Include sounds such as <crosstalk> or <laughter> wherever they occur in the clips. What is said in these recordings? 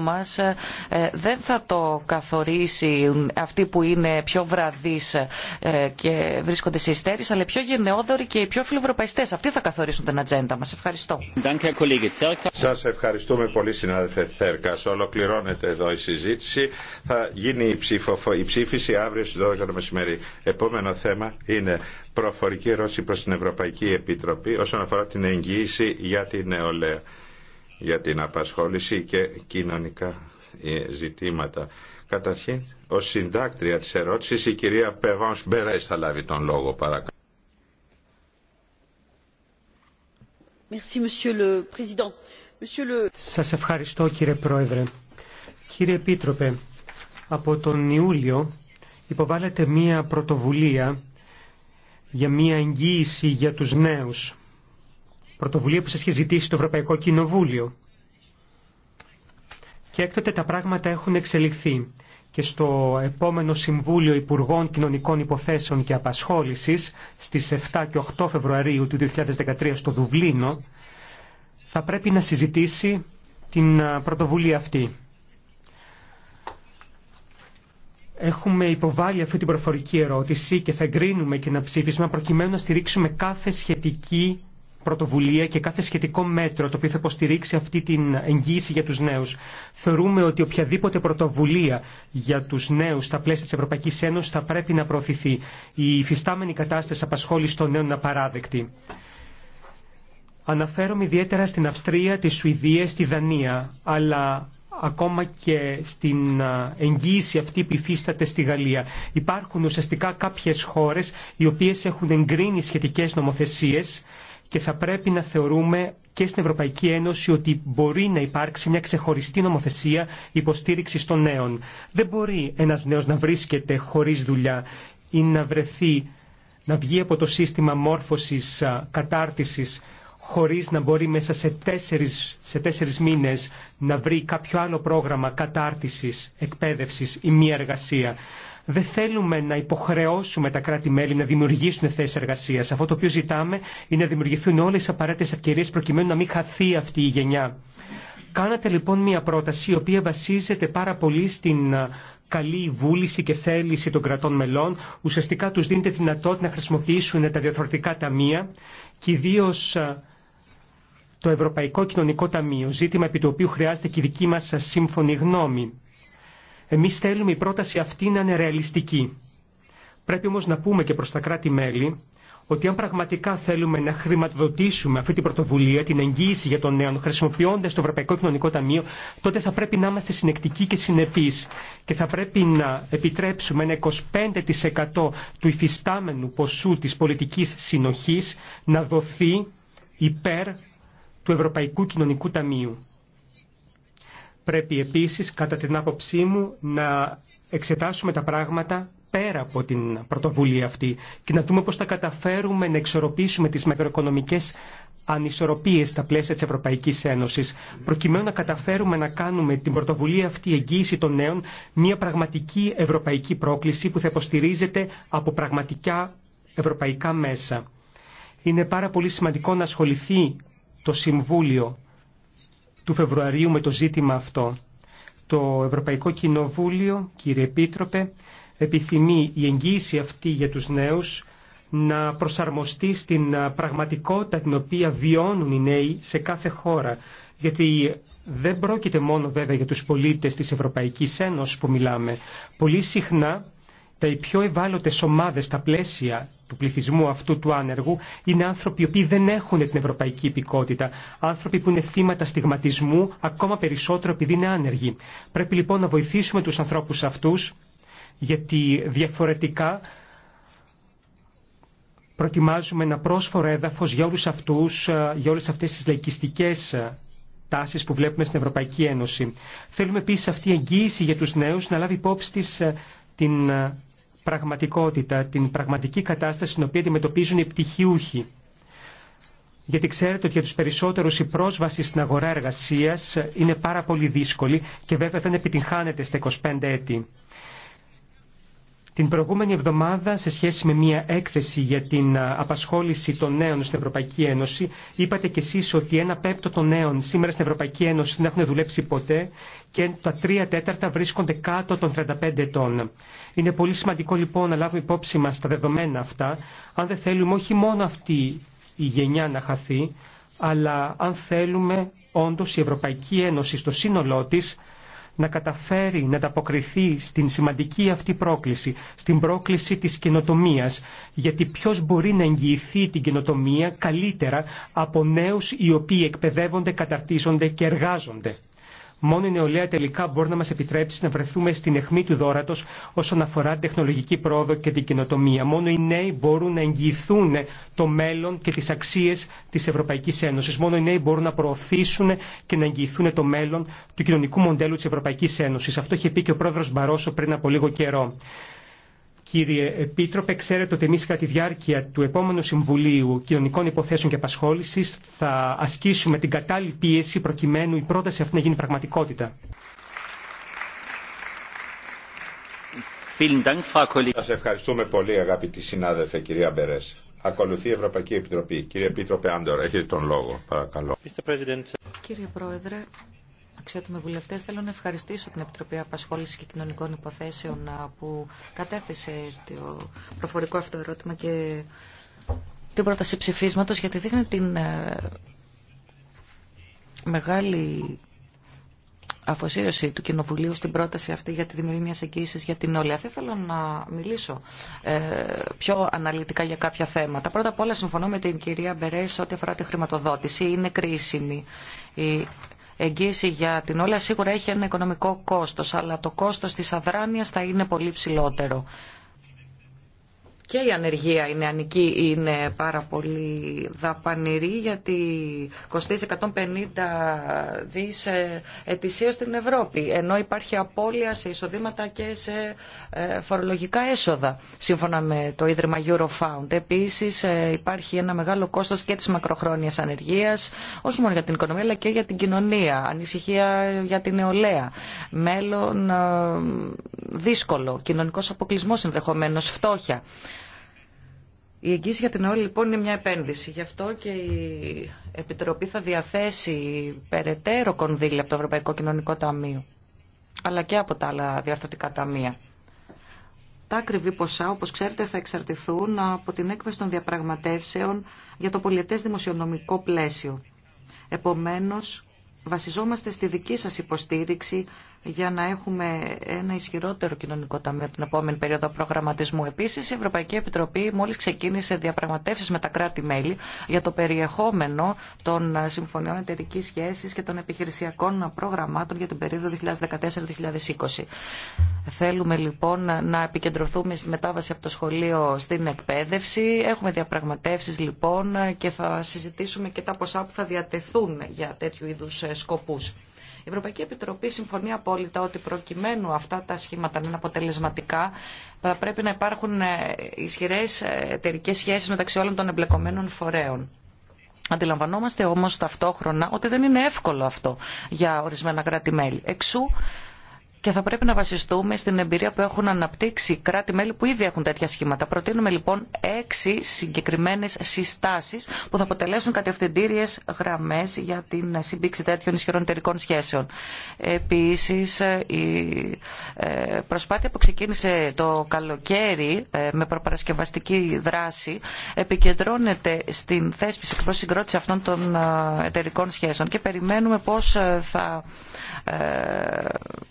μας ε, ε, δεν θα το καθορίσουν αυτοί που είναι πιο βραδείς ε, και βρίσκονται σε υστέρηση, αλλά πιο γενναιόδοροι και οι πιο φιλοευρωπαϊστές. Αυτοί θα καθορίσουν την ατζέντα μας. Ευχαριστώ. Σας ευχαριστούμε πολύ συνάδελφε Θέρκας. Ολοκληρώνεται εδώ η συζήτηση. Θα γίνει η, η ψήφιση αύριο στις 12 το μεσημέρι. Επόμενο θέμα είναι προφορική ερώτηση προς την Ευρωπαϊκή Επιτροπή όσον αφορά την εγγύηση για την νεολαία για την απασχόληση και κοινωνικά ε, ζητήματα. Καταρχήν, ως συντάκτρια της ερώτησης, η κυρία Πεβάνς Μπερές θα λάβει τον λόγο, παρακαλώ. Σας ευχαριστώ κύριε Πρόεδρε. Κύριε Επίτροπε, από τον Ιούλιο υποβάλλεται μία πρωτοβουλία για μία εγγύηση για τους νέους πρωτοβουλία που σας είχε ζητήσει το Ευρωπαϊκό Κοινοβούλιο. Και έκτοτε τα πράγματα έχουν εξελιχθεί και στο επόμενο Συμβούλιο Υπουργών Κοινωνικών Υποθέσεων και Απασχόλησης στις 7 και 8 Φεβρουαρίου του 2013 στο Δουβλίνο θα πρέπει να συζητήσει την πρωτοβουλία αυτή. Έχουμε υποβάλει αυτή την προφορική ερώτηση και θα εγκρίνουμε και ένα ψήφισμα προκειμένου να στηρίξουμε κάθε σχετική πρωτοβουλία και κάθε σχετικό μέτρο το οποίο θα υποστηρίξει αυτή την εγγύηση για τους νέους. Θεωρούμε ότι οποιαδήποτε πρωτοβουλία για τους νέους στα πλαίσια της Ευρωπαϊκής Ένωσης θα πρέπει να προωθηθεί. Η υφιστάμενη κατάσταση απασχόληση των νέων είναι απαράδεκτη. Αναφέρομαι ιδιαίτερα στην Αυστρία, τη Σουηδία, στη Δανία, αλλά ακόμα και στην εγγύηση αυτή που υφίσταται στη Γαλλία. Υπάρχουν ουσιαστικά κάποιες χώρες οι οποίες έχουν εγκρίνει σχετικές νομοθεσίες και θα πρέπει να θεωρούμε και στην Ευρωπαϊκή Ένωση ότι μπορεί να υπάρξει μια ξεχωριστή νομοθεσία υποστήριξης των νέων. Δεν μπορεί ένας νέος να βρίσκεται χωρίς δουλειά ή να βρεθεί, να βγει από το σύστημα μόρφωσης, κατάρτισης, χωρίς να μπορεί μέσα σε τέσσερις, σε τέσσερις μήνες να βρει κάποιο άλλο πρόγραμμα κατάρτισης, εκπαίδευσης ή μία εργασία. Δεν θέλουμε να υποχρεώσουμε τα κράτη-μέλη να δημιουργήσουν θέσει εργασία. Αυτό το οποίο ζητάμε είναι να δημιουργηθούν όλε τι απαραίτητε ευκαιρίε προκειμένου να μην χαθεί αυτή η γενιά. Κάνατε λοιπόν μια πρόταση η οποία βασίζεται πάρα πολύ στην καλή βούληση και θέληση των κρατών μελών. Ουσιαστικά τους δίνεται δυνατότητα να χρησιμοποιήσουν τα διαφορετικά ταμεία και ιδίω το Ευρωπαϊκό Κοινωνικό Ταμείο, ζήτημα επί του οποίου χρειάζεται και η δική μας σύμφωνη γνώμη. Εμείς θέλουμε η πρόταση αυτή να είναι ρεαλιστική. Πρέπει όμως να πούμε και προς τα κράτη-μέλη ότι αν πραγματικά θέλουμε να χρηματοδοτήσουμε αυτή την πρωτοβουλία, την εγγύηση για τον νέο, χρησιμοποιώντα το Ευρωπαϊκό Κοινωνικό Ταμείο, τότε θα πρέπει να είμαστε συνεκτικοί και συνεπεί και θα πρέπει να επιτρέψουμε ένα 25% του υφιστάμενου ποσού τη πολιτική συνοχή να δοθεί υπέρ του Ευρωπαϊκού Κοινωνικού Ταμείου. Πρέπει επίσης, κατά την άποψή μου, να εξετάσουμε τα πράγματα πέρα από την πρωτοβουλία αυτή και να δούμε πώς θα καταφέρουμε να εξορροπήσουμε τις μακροοικονομικές ανισορροπίες στα πλαίσια της Ευρωπαϊκής Ένωσης, προκειμένου να καταφέρουμε να κάνουμε την πρωτοβουλία αυτή εγγύηση των νέων μια πραγματική ευρωπαϊκή πρόκληση που θα υποστηρίζεται από πραγματικά ευρωπαϊκά μέσα. Είναι πάρα πολύ σημαντικό να ασχοληθεί το Συμβούλιο του Φεβρουαρίου με το ζήτημα αυτό. Το Ευρωπαϊκό Κοινοβούλιο, κύριε Επίτροπε, επιθυμεί η εγγύηση αυτή για τους νέους να προσαρμοστεί στην πραγματικότητα την οποία βιώνουν οι νέοι σε κάθε χώρα. Γιατί δεν πρόκειται μόνο βέβαια για τους πολίτες της Ευρωπαϊκής Ένωσης που μιλάμε. Πολύ συχνά τα πιο ευάλωτε ομάδε στα πλαίσια του πληθυσμού αυτού του άνεργου είναι άνθρωποι οι οποίοι δεν έχουν την ευρωπαϊκή υπηκότητα. Άνθρωποι που είναι θύματα στιγματισμού ακόμα περισσότερο επειδή είναι άνεργοι. Πρέπει λοιπόν να βοηθήσουμε του ανθρώπου αυτού γιατί διαφορετικά προτιμάζουμε ένα πρόσφορο έδαφο για όλου αυτούς, ε, για όλες αυτές τις λαϊκιστικές ε, τάσεις που βλέπουμε στην Ευρωπαϊκή Ένωση. Θέλουμε επίση αυτή η εγγύηση για τους νέους να λάβει υπόψη της ε, την πραγματικότητα, την πραγματική κατάσταση στην οποία αντιμετωπίζουν οι πτυχιούχοι. Γιατί ξέρετε ότι για τους περισσότερους η πρόσβαση στην αγορά εργασίας είναι πάρα πολύ δύσκολη και βέβαια δεν επιτυγχάνεται στα 25 έτη. Την προηγούμενη εβδομάδα, σε σχέση με μια έκθεση για την απασχόληση των νέων στην Ευρωπαϊκή Ένωση, είπατε κι εσεί ότι ένα πέπτο των νέων σήμερα στην Ευρωπαϊκή Ένωση δεν έχουν δουλέψει ποτέ και τα τρία τέταρτα βρίσκονται κάτω των 35 ετών. Είναι πολύ σημαντικό λοιπόν να λάβουμε υπόψη μα τα δεδομένα αυτά, αν δεν θέλουμε όχι μόνο αυτή η γενιά να χαθεί, αλλά αν θέλουμε όντω η Ευρωπαϊκή Ένωση στο σύνολό τη, να καταφέρει να ανταποκριθεί στην σημαντική αυτή πρόκληση, στην πρόκληση της καινοτομία. Γιατί ποιος μπορεί να εγγυηθεί την καινοτομία καλύτερα από νέους οι οποίοι εκπαιδεύονται, καταρτίζονται και εργάζονται. Μόνο η νεολαία τελικά μπορεί να μα επιτρέψει να βρεθούμε στην αιχμή του δόρατο όσον αφορά την τεχνολογική πρόοδο και την κοινοτομία. Μόνο οι νέοι μπορούν να εγγυηθούν το μέλλον και τι αξίε τη Ευρωπαϊκή Ένωση. Μόνο οι νέοι μπορούν να προωθήσουν και να εγγυηθούν το μέλλον του κοινωνικού μοντέλου τη Ευρωπαϊκή Ένωση. Αυτό είχε πει και ο πρόεδρο Μπαρόσο πριν από λίγο καιρό. Κύριε Επίτροπε, ξέρετε ότι εμεί κατά τη διάρκεια του επόμενου Συμβουλίου Κοινωνικών Υποθέσεων και Απασχόληση θα ασκήσουμε την κατάλληλη πίεση προκειμένου η πρόταση αυτή να γίνει πραγματικότητα. Σα ευχαριστούμε πολύ αγάπητη συνάδελφε κυρία Μπερέ. Ακολουθεί η Ευρωπαϊκή Επιτροπή. Κύριε Επίτροπε Άντορα, έχετε τον λόγο. Παρακαλώ. Κύριε Πρόεδρε, με βουλευτές θέλω να ευχαριστήσω την Επιτροπή Απασχόληση και Κοινωνικών Υποθέσεων που κατέθεσε το προφορικό αυτό ερώτημα και την πρόταση ψηφίσματο, γιατί δείχνει την ε, μεγάλη αφοσίωση του Κοινοβουλίου στην πρόταση αυτή για τη δημιουργία μια εγγύηση για την όλη. Θα ήθελα να μιλήσω ε, πιο αναλυτικά για κάποια θέματα. Πρώτα απ' όλα συμφωνώ με την κυρία Μπερέ ό,τι αφορά τη χρηματοδότηση. Είναι κρίσιμη η εγγύηση για την όλα σίγουρα έχει ένα οικονομικό κόστος, αλλά το κόστος της αδράνειας θα είναι πολύ ψηλότερο και η ανεργία η νεανική είναι πάρα πολύ δαπανηρή γιατί κοστίζει 150 δις ε, ετησίως στην Ευρώπη ενώ υπάρχει απώλεια σε εισοδήματα και σε ε, φορολογικά έσοδα σύμφωνα με το Ίδρυμα Eurofound. Επίσης ε, υπάρχει ένα μεγάλο κόστος και της μακροχρόνιας ανεργίας όχι μόνο για την οικονομία αλλά και για την κοινωνία, ανησυχία για την νεολαία, μέλλον δύσκολο, κοινωνικός αποκλεισμός ενδεχομένως, φτώχεια. Η εγγύηση για την όλη λοιπόν είναι μια επένδυση. Γι' αυτό και η Επιτροπή θα διαθέσει περαιτέρω κονδύλια από το Ευρωπαϊκό Κοινωνικό Ταμείο, αλλά και από τα άλλα διαρθρωτικά ταμεία. Τα ακριβή ποσά, όπως ξέρετε, θα εξαρτηθούν από την έκβαση των διαπραγματεύσεων για το πολιετές δημοσιονομικό πλαίσιο. Επομένως, βασιζόμαστε στη δική σας υποστήριξη για να έχουμε ένα ισχυρότερο κοινωνικό ταμείο την επόμενη περίοδο προγραμματισμού. Επίση, η Ευρωπαϊκή Επιτροπή μόλι ξεκίνησε διαπραγματεύσει με τα κράτη-μέλη για το περιεχόμενο των συμφωνιών εταιρική σχέση και των επιχειρησιακών προγραμμάτων για την περίοδο 2014-2020. Θέλουμε λοιπόν να επικεντρωθούμε στη μετάβαση από το σχολείο στην εκπαίδευση. Έχουμε διαπραγματεύσει λοιπόν και θα συζητήσουμε και τα ποσά που θα διατεθούν για τέτοιου είδου σκοπού. Η Ευρωπαϊκή Επιτροπή συμφωνεί απόλυτα ότι προκειμένου αυτά τα σχήματα να είναι αποτελεσματικά θα πρέπει να υπάρχουν ε, ισχυρές εταιρικέ σχέσεις μεταξύ όλων των εμπλεκομένων φορέων. Αντιλαμβανόμαστε όμως ταυτόχρονα ότι δεν είναι εύκολο αυτό για ορισμένα κράτη-μέλη και θα πρέπει να βασιστούμε στην εμπειρία που έχουν αναπτύξει κράτη-μέλη που ήδη έχουν τέτοια σχήματα. Προτείνουμε λοιπόν έξι συγκεκριμένε συστάσει που θα αποτελέσουν κατευθυντήριε γραμμέ για την συμπήξη τέτοιων ισχυρών εταιρικών σχέσεων. Επίση, η ε, προσπάθεια που ξεκίνησε το καλοκαίρι ε, με προπαρασκευαστική δράση επικεντρώνεται στην θέσπιση και συγκρότηση αυτών των ε, εταιρικών σχέσεων και περιμένουμε πώς θα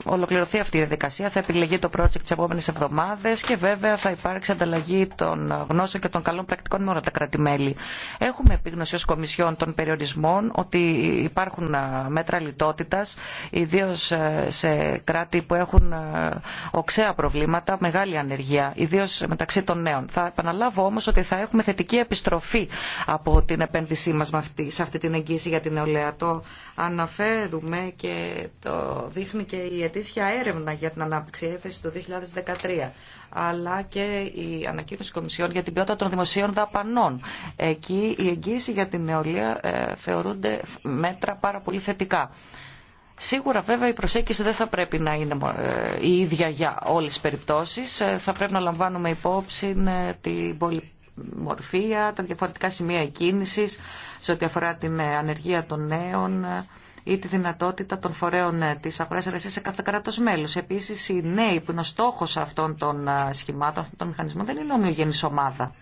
ολοκληρωθεί ολοκληρωθεί αυτή η διαδικασία, θα επιλεγεί το project τι επόμενε εβδομάδε και βέβαια θα υπάρξει ανταλλαγή των γνώσεων και των καλών πρακτικών με όλα τα κράτη-μέλη. Έχουμε επίγνωση ω Κομισιόν των περιορισμών ότι υπάρχουν μέτρα λιτότητα, ιδίω ε, σε κράτη που έχουν οξέα προβλήματα, μεγάλη ανεργία, ιδίω μεταξύ των νέων. Θα επαναλάβω όμω ότι θα έχουμε θετική επιστροφή από την επένδυσή μα σε αυτή την εγγύηση για την νεολαία. αναφέρουμε και το δείχνει και η ετήσια έρευνα για την ανάπτυξη έθεση το 2013, αλλά και η ανακοίνωση Κομισιόν για την ποιότητα των δημοσίων δαπανών. Εκεί η εγγύηση για την νεολαία ε, θεωρούνται μέτρα πάρα πολύ θετικά. Σίγουρα βέβαια η προσέγγιση δεν θα πρέπει να είναι ε, η ίδια για όλες τις περιπτώσεις. Ε, θα πρέπει να λαμβάνουμε υπόψη την πολυμορφία, τα διαφορετικά σημεία κίνηση σε ό,τι αφορά την ανεργία των νέων, ή τη δυνατότητα των φορέων ε, τη αγορά εργασία σε κάθε κράτο μέλο. Επίση, οι νέοι που είναι ο στόχο αυτών των ε, σχημάτων, αυτών των μηχανισμών, δεν είναι ομοιογενή ομάδα.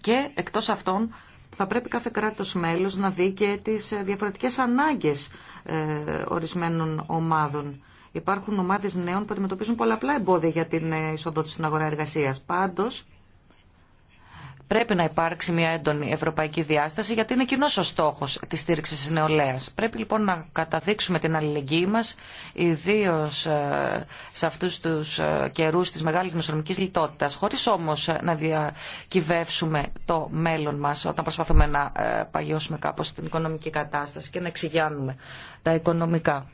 Και εκτό αυτών, θα πρέπει κάθε κράτο μέλο να δει και τις ε, διαφορετικές ανάγκες ορισμένων ομάδων. Υπάρχουν ομάδε νέων που αντιμετωπίζουν πολλαπλά εμπόδια για την είσοδο στην αγορά εργασία. Πάντω. Πρέπει να υπάρξει μια έντονη ευρωπαϊκή διάσταση γιατί είναι κοινό ο στόχο τη στήριξη τη νεολαία. Πρέπει λοιπόν να καταδείξουμε την αλληλεγγύη μα, ιδίω ε, σε αυτού του ε, καιρού τη μεγάλη νοσονομική λιτότητα, χωρί όμω ε, να διακυβεύσουμε το μέλλον μα όταν προσπαθούμε να παγιώσουμε κάπω την οικονομική κατάσταση και να εξηγιάνουμε τα οικονομικά.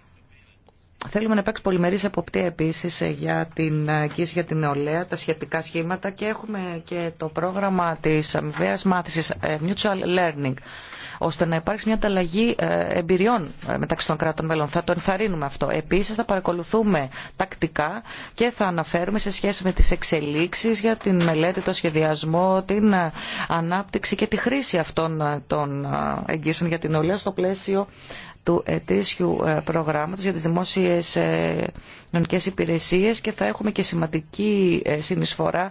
Θέλουμε να υπάρξει πολυμερή εποπτεία επίση ε, για την ε, εγγύηση για την νεολαία, τα σχετικά σχήματα και έχουμε και το πρόγραμμα τη αμοιβαία μάθηση ε, Mutual Learning, ώστε να υπάρξει μια ανταλλαγή εμπειριών μεταξύ των κράτων μελών. Θα το ενθαρρύνουμε αυτό. Επίση θα παρακολουθούμε τακτικά και θα αναφέρουμε σε σχέση με τι εξελίξει για την μελέτη, το σχεδιασμό, την ανάπτυξη και τη χρήση αυτών των εγγύσεων για την νεολαία στο πλαίσιο του ετήσιου ε, προγράμματος για τις δημόσιες ε, νομικές υπηρεσίες και θα έχουμε και σημαντική ε, συνεισφορά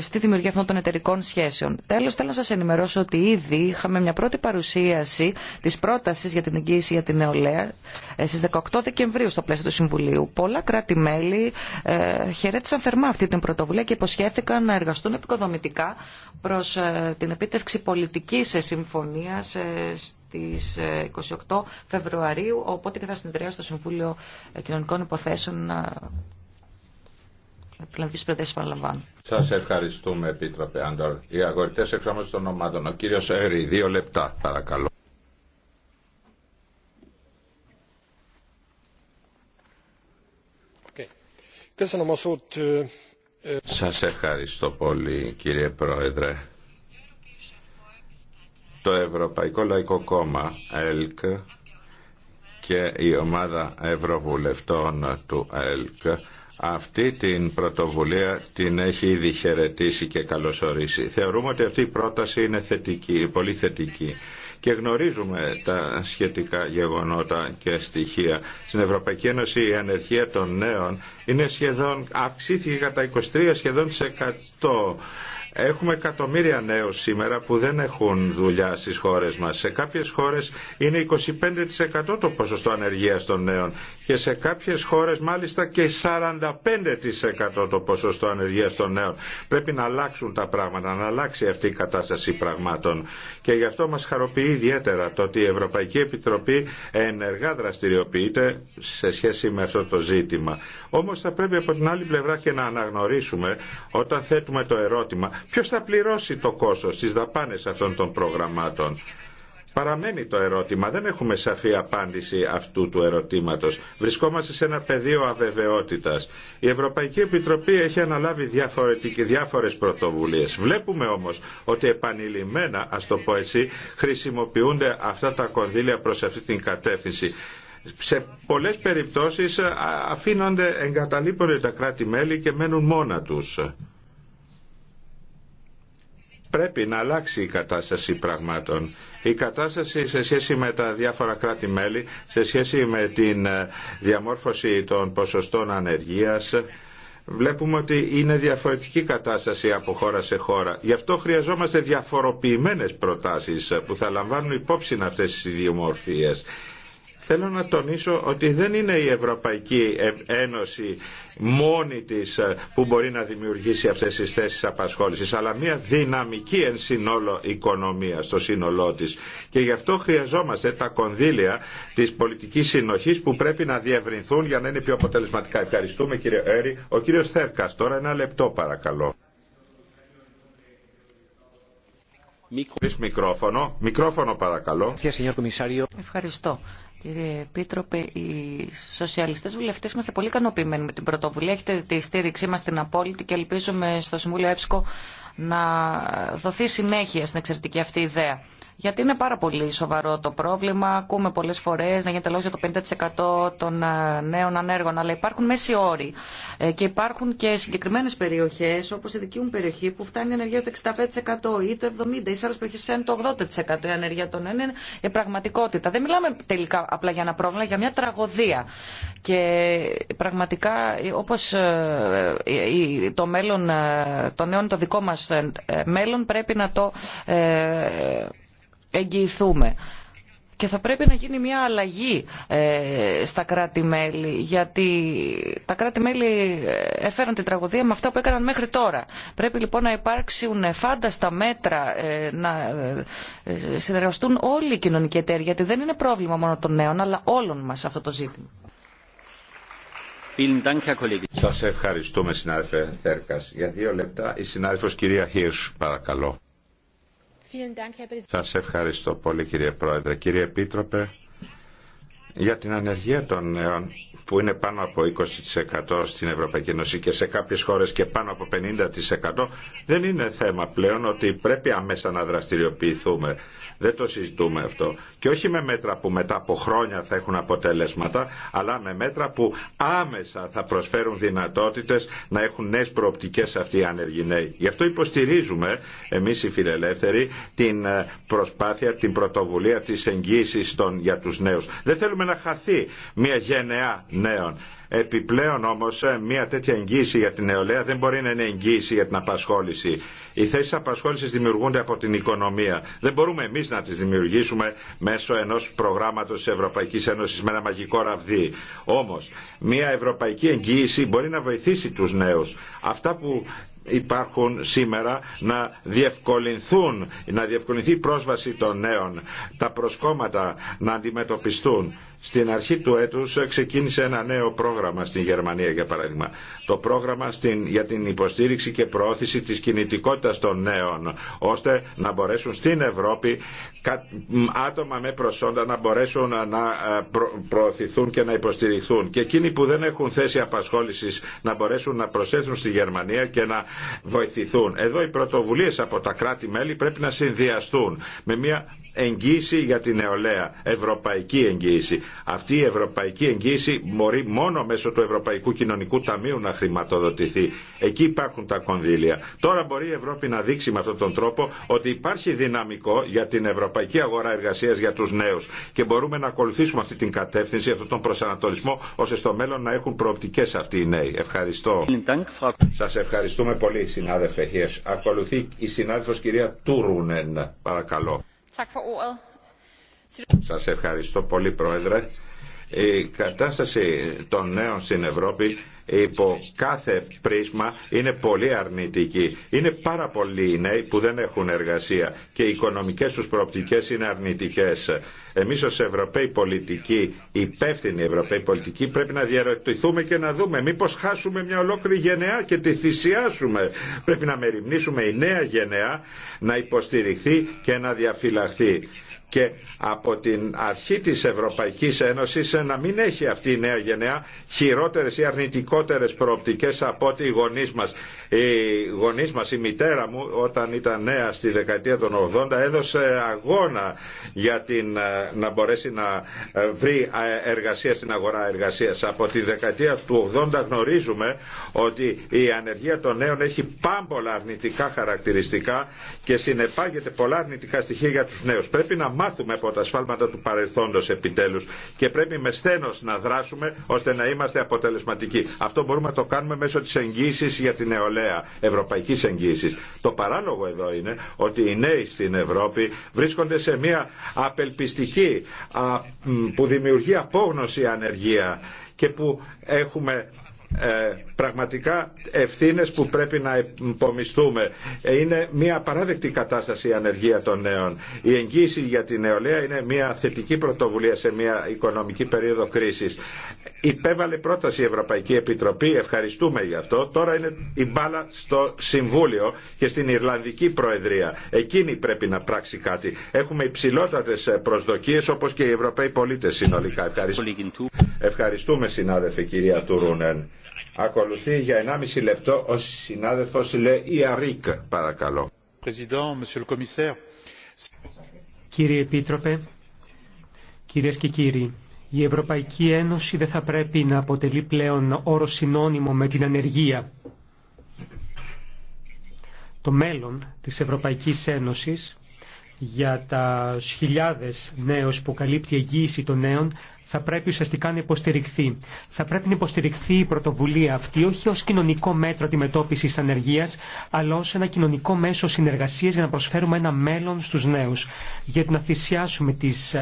στη δημιουργία αυτών των εταιρικών σχέσεων. Τέλος, θέλω να σας ενημερώσω ότι ήδη είχαμε μια πρώτη παρουσίαση της πρότασης για την εγγύηση για την νεολαία στις 18 Δεκεμβρίου στο πλαίσιο του Συμβουλίου. Πολλά κράτη-μέλη χαιρέτησαν θερμά αυτή την πρωτοβουλία και υποσχέθηκαν να εργαστούν επικοδομητικά προς την επίτευξη πολιτικής συμφωνίας της 28 ε, Φεβρουαρίου, οπότε και θα συνεδριάσω στο Συμβούλιο ε, Κοινωνικών Υποθέσεων Πλανητικής Πρεδέσης, παραλαμβάνω. Σας ευχαριστούμε, Επίτροπε Άντορ. Οι αγορητές εξωμένως των ομάδων. Ο κύριος Έρη, δύο λεπτά, παρακαλώ. Σας ευχαριστώ πολύ, κύριε Πρόεδρε. Το Ευρωπαϊκό Λαϊκό Κόμμα, ΕΛΚ, και η ομάδα Ευρωβουλευτών του ΕΛΚ αυτή την πρωτοβουλία την έχει ήδη χαιρετήσει και καλωσορίσει. Θεωρούμε ότι αυτή η πρόταση είναι θετική, πολύ θετική και γνωρίζουμε τα σχετικά γεγονότα και στοιχεία. Στην Ευρωπαϊκή Ένωση η ανεργία των νέων είναι σχεδόν, αυξήθηκε κατά 23 σχεδόν σε 100 Έχουμε εκατομμύρια νέου σήμερα που δεν έχουν δουλειά στις χώρες μας. Σε κάποιες χώρες είναι 25% το ποσοστό ανεργία των νέων και σε κάποιες χώρες μάλιστα και 45% το ποσοστό ανεργία των νέων. Πρέπει να αλλάξουν τα πράγματα, να αλλάξει αυτή η κατάσταση πραγμάτων. Και γι' αυτό μας χαροποιεί ιδιαίτερα το ότι η Ευρωπαϊκή Επιτροπή ενεργά δραστηριοποιείται σε σχέση με αυτό το ζήτημα. Όμως θα πρέπει από την άλλη πλευρά και να αναγνωρίσουμε όταν θέτουμε το ερώτημα ποιος θα πληρώσει το κόστος στις δαπάνες αυτών των προγραμμάτων. Παραμένει το ερώτημα, δεν έχουμε σαφή απάντηση αυτού του ερωτήματος. Βρισκόμαστε σε ένα πεδίο αβεβαιότητας. Η Ευρωπαϊκή Επιτροπή έχει αναλάβει διάφορες πρωτοβουλίες. Βλέπουμε όμως ότι επανειλημμένα, ας το πω εσύ χρησιμοποιούνται αυτά τα κονδύλια προς αυτή την κατεύθυνση σε πολλές περιπτώσεις αφήνονται, εγκαταλείπονται τα κράτη-μέλη και μένουν μόνα τους. Πρέπει να αλλάξει η κατάσταση πραγμάτων. Η κατάσταση σε σχέση με τα διάφορα κράτη-μέλη, σε σχέση με την ε, διαμόρφωση των ποσοστών ανεργίας, βλέπουμε ότι είναι διαφορετική κατάσταση από χώρα σε χώρα. Γι' αυτό χρειαζόμαστε διαφοροποιημένες προτάσεις που θα λαμβάνουν υπόψη αυτές τις ιδιομορφίες. Θέλω να τονίσω ότι δεν είναι η Ευρωπαϊκή Ένωση μόνη της ε, που μπορεί να δημιουργήσει αυτές τις θέσεις απασχόλησης, αλλά μια δυναμική εν συνόλο οικονομία στο σύνολό της. Και γι' αυτό χρειαζόμαστε τα κονδύλια της πολιτικής συνοχής που πρέπει να διευρυνθούν για να είναι πιο αποτελεσματικά. Ευχαριστούμε κύριε Έρη. Ο κύριος Θέρκας, τώρα ένα λεπτό παρακαλώ. Μικρόφωνο. Μικρόφωνο παρακαλώ. Ευχαριστώ. Κύριε Επίτροπε, οι σοσιαλιστές βουλευτές είμαστε πολύ ικανοποιημένοι με την πρωτοβουλία. Έχετε τη στήριξή μας στην απόλυτη και ελπίζουμε στο Συμβούλιο Εύσκο να δοθεί συνέχεια στην εξαιρετική αυτή ιδέα. Γιατί είναι πάρα πολύ σοβαρό το πρόβλημα. Ακούμε πολλέ φορέ να γίνεται λόγο για το 50% των ε, νέων ανέργων. Αλλά υπάρχουν μέση όροι ε, και υπάρχουν και συγκεκριμένε περιοχέ, όπω η δική μου περιοχή, που φτάνει η ανεργία το 65% ή το 70% ή σε άλλε περιοχέ φτάνει το 80% η ανεργία των νέων. Είναι ε, πραγματικότητα. Δεν μιλάμε τελικά απλά για ένα πρόβλημα, για μια τραγωδία. Και πραγματικά, όπω το μέλλον των νέων, το δικό μα μέλλον, πρέπει να το εγγυηθούμε. Και θα πρέπει να γίνει μια αλλαγή ε, στα κράτη-μέλη, γιατί τα κράτη-μέλη ε, έφεραν την τραγωδία με αυτά που έκαναν μέχρι τώρα. Πρέπει λοιπόν να υπάρξουν φάνταστα μέτρα, ε, να ε, συνεργαστούν όλοι οι κοινωνικοί εταίροι, γιατί δεν είναι πρόβλημα μόνο των νέων, αλλά όλων μας αυτό το ζήτημα. Σας ευχαριστούμε συνάδελφε Θέρκας. Για δύο λεπτά η συνάδελφος κυρία Χίρς παρακαλώ. Σας ευχαριστώ πολύ κύριε Πρόεδρε. Κύριε Επίτροπε, για την ανεργία των νέων που είναι πάνω από 20% στην Ευρωπαϊκή Ένωση και σε κάποιες χώρες και πάνω από 50% δεν είναι θέμα πλέον ότι πρέπει αμέσως να δραστηριοποιηθούμε. Δεν το συζητούμε αυτό και όχι με μέτρα που μετά από χρόνια θα έχουν αποτελέσματα, αλλά με μέτρα που άμεσα θα προσφέρουν δυνατότητες να έχουν νέες προοπτικές αυτοί οι άνεργοι νέοι. Γι' αυτό υποστηρίζουμε εμείς οι φιλελεύθεροι την ε, προσπάθεια, την πρωτοβουλία της εγγύησης των, για τους νέους. Δεν θέλουμε να χαθεί μια γενεά νέων. Επιπλέον όμως ε, μια τέτοια εγγύηση για την νεολαία δεν μπορεί να είναι εγγύηση για την απασχόληση. Οι θέσεις απασχόλησης δημιουργούνται από την οικονομία. Δεν μπορούμε εμείς να τις δημιουργήσουμε με μέσω ενός προγράμματος της Ευρωπαϊκής Ένωσης με ένα μαγικό ραβδί. Όμως, μια ευρωπαϊκή εγγύηση μπορεί να βοηθήσει τους νέους. Αυτά που υπάρχουν σήμερα να διευκολυνθούν, να διευκολυνθεί η πρόσβαση των νέων, τα προσκόμματα να αντιμετωπιστούν. Στην αρχή του έτους ξεκίνησε ένα νέο πρόγραμμα στην Γερμανία για παράδειγμα. Το πρόγραμμα στην, για την υποστήριξη και προώθηση της κινητικότητας των νέων ώστε να μπορέσουν στην Ευρώπη άτομα με προσόντα να μπορέσουν να ε, προωθηθούν και να υποστηριχθούν και εκείνοι που δεν έχουν θέση απασχόλησης να μπορέσουν να προσθέσουν στη Γερμανία και να βοηθηθούν. Εδώ οι πρωτοβουλίε από τα κράτη-μέλη πρέπει να συνδυαστούν με μια εγγύηση για την νεολαία, ευρωπαϊκή εγγύηση. Αυτή η ευρωπαϊκή εγγύηση μπορεί μόνο μέσω του Ευρωπαϊκού Κοινωνικού Ταμείου να χρηματοδοτηθεί. Εκεί υπάρχουν τα κονδύλια. Τώρα μπορεί η Ευρώπη να δείξει με αυτόν τον τρόπο ότι υπάρχει δυναμικό για την ευρωπαϊκή αγορά εργασία για του νέου και μπορούμε να ακολουθήσουμε αυτή την κατεύθυνση, αυτόν τον προσανατολισμό, ώστε στο μέλλον να έχουν προοπτικέ αυτοί οι νέοι. Ευχαριστώ. Σα ευχαριστούμε πολύ πολύ συνάδελφε Χίες. Ακολουθεί η συνάδελφος κυρία Τούρουνεν. Παρακαλώ. Σας ευχαριστώ πολύ Πρόεδρε. Η κατάσταση των νέων στην Ευρώπη υπό κάθε πρίσμα είναι πολύ αρνητική. Είναι πάρα πολλοί οι νέοι που δεν έχουν εργασία και οι οικονομικές τους προοπτικές είναι αρνητικές. Εμείς ως Ευρωπαίοι πολιτικοί, υπεύθυνοι Ευρωπαίοι πολιτικοί, πρέπει να διαρωτηθούμε και να δούμε μήπως χάσουμε μια ολόκληρη γενεά και τη θυσιάσουμε. Πρέπει να μεριμνήσουμε η νέα γενεά να υποστηριχθεί και να διαφυλαχθεί και από την αρχή της Ευρωπαϊκής Ένωσης ε, να μην έχει αυτή η νέα γενεά χειρότερες ή αρνητικότερες προοπτικές από ότι οι γονείς μας. Οι γονείς μας, η μητέρα μου όταν ήταν νέα στη δεκαετία των 80 έδωσε αγώνα για την, ε, να μπορέσει να ε, βρει εργασία στην αγορά εργασίας. Από τη δεκαετία του 80 γνωρίζουμε ότι η ανεργία των νέων έχει πάμπολα αρνητικά χαρακτηριστικά και συνεπάγεται πολλά αρνητικά στοιχεία για τους νέους. Πρέπει μάθουμε από τα σφάλματα του παρελθόντος επιτέλους και πρέπει με σθένος να δράσουμε ώστε να είμαστε αποτελεσματικοί. Αυτό μπορούμε να το κάνουμε μέσω της εγγύησης για την νεολαία, ευρωπαϊκή εγγύησης. Το παράλογο εδώ είναι ότι οι νέοι στην Ευρώπη βρίσκονται σε μια απελπιστική που δημιουργεί απόγνωση ανεργία και που έχουμε ε, πραγματικά ευθύνες που πρέπει να υπομισθούμε. Ε, είναι μια παράδεκτη κατάσταση η ανεργία των νέων. Η εγγύηση για την νεολαία είναι μια θετική πρωτοβουλία σε μια οικονομική περίοδο κρίσης. Υπέβαλε πρόταση η Ευρωπαϊκή Επιτροπή, ευχαριστούμε γι' αυτό. Τώρα είναι η μπάλα στο Συμβούλιο και στην Ιρλανδική Προεδρία. Εκείνη πρέπει να πράξει κάτι. Έχουμε υψηλότατες προσδοκίες όπως και οι Ευρωπαίοι πολίτες συνολικά. Ευχαριστούμε, Ευχαριστούμε συνάδελφε κυρία Τουρούνεν. Ακολουθεί για 1,5 λεπτό ο συνάδελφο Λε Ιαρίκ, παρακαλώ. Κύριε Επίτροπε, κύριε και κύριοι, η Ευρωπαϊκή Ένωση δεν θα πρέπει να αποτελεί πλέον όρο συνώνυμο με την ανεργία. Το μέλλον της Ευρωπαϊκής Ένωσης για τα χιλιάδες νέου που καλύπτει η εγγύηση των νέων θα πρέπει ουσιαστικά να υποστηριχθεί. Θα πρέπει να υποστηριχθεί η πρωτοβουλία αυτή όχι ω κοινωνικό μέτρο αντιμετώπιση ανεργία, αλλά ω ένα κοινωνικό μέσο συνεργασία, για να προσφέρουμε ένα μέλλον στους νέους. Για να θυσιάσουμε τις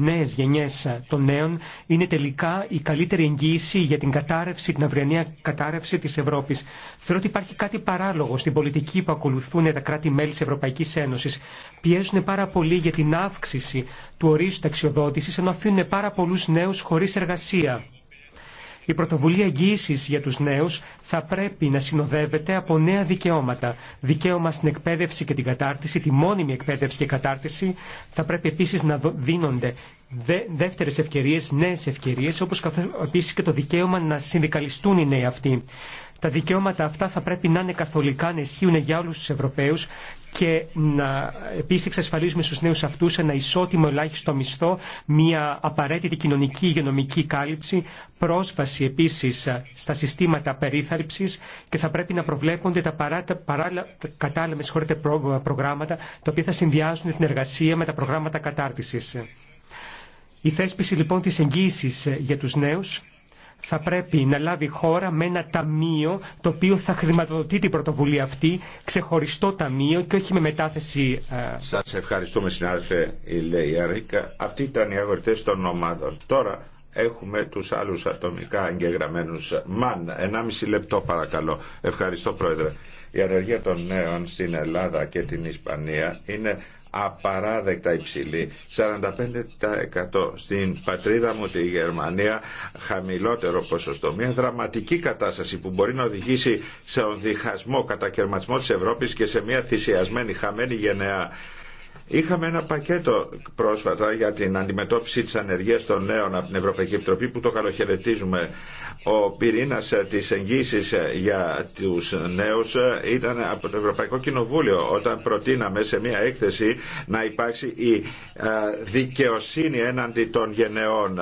νέες γενιές των νέων είναι τελικά η καλύτερη εγγύηση για την κατάρρευση, την αυριανή κατάρρευση της Ευρώπης. Θεωρώ ότι υπάρχει κάτι παράλογο στην πολιτική που ακολουθούν τα κράτη-μέλη της Ευρωπαϊκής Ένωσης. Πιέζουν πάρα πολύ για την αύξηση του ορίστου ταξιοδότησης, ενώ αφήνουν πάρα πολλούς νέους χωρίς εργασία. Η πρωτοβουλία εγγύηση για του νέου θα πρέπει να συνοδεύεται από νέα δικαιώματα. Δικαίωμα στην εκπαίδευση και την κατάρτιση, τη μόνιμη εκπαίδευση και κατάρτιση. Θα πρέπει επίση να δίνονται δεύτερε ευκαιρίε, νέε ευκαιρίε, όπω επίση και το δικαίωμα να συνδικαλιστούν οι νέοι αυτοί. Τα δικαιώματα αυτά θα πρέπει να είναι καθολικά, να ισχύουν για όλους τους Ευρωπαίους και να επίση εξασφαλίζουμε στου νέους αυτούς ένα ισότιμο ελάχιστο μισθό, μια απαραίτητη κοινωνική υγειονομική κάλυψη, πρόσβαση επίσης στα συστήματα περίθαλψης και θα πρέπει να προβλέπονται τα παράλληλα κατάλληλα προγράμματα τα οποία θα συνδυάζουν την εργασία με τα προγράμματα κατάρτιση. Η θέσπιση λοιπόν της εγγύησης για τους νέους θα πρέπει να λάβει χώρα με ένα ταμείο το οποίο θα χρηματοδοτεί την πρωτοβουλία αυτή, ξεχωριστό ταμείο και όχι με μετάθεση. Ε, Σας ευχαριστούμε συνάδελφε η Λέη Αρίκα. Αυτοί ήταν οι αγορητές των ομάδων. Τώρα έχουμε τους άλλου ατομικά εγγεγραμμένους. Μαν, 1,5 λεπτό παρακαλώ. Ευχαριστώ πρόεδρε. Η ανεργία των νέων στην Ελλάδα και την Ισπανία είναι απαράδεκτα υψηλή. 45% στην πατρίδα μου τη Γερμανία χαμηλότερο ποσοστό. Μια δραματική κατάσταση που μπορεί να οδηγήσει σε οδηγασμό, κατακαιρματισμό της Ευρώπης και σε μια θυσιασμένη, χαμένη γενεά. Είχαμε ένα πακέτο πρόσφατα για την αντιμετώπιση της ανεργίας των νέων από την Ευρωπαϊκή Επιτροπή που το καλοχαιρετίζουμε ο πυρήνα τη εγγύηση για τους νέους ήταν από το Ευρωπαϊκό Κοινοβούλιο όταν προτείναμε σε μια έκθεση να υπάρξει η ε, δικαιοσύνη έναντι των γενεών.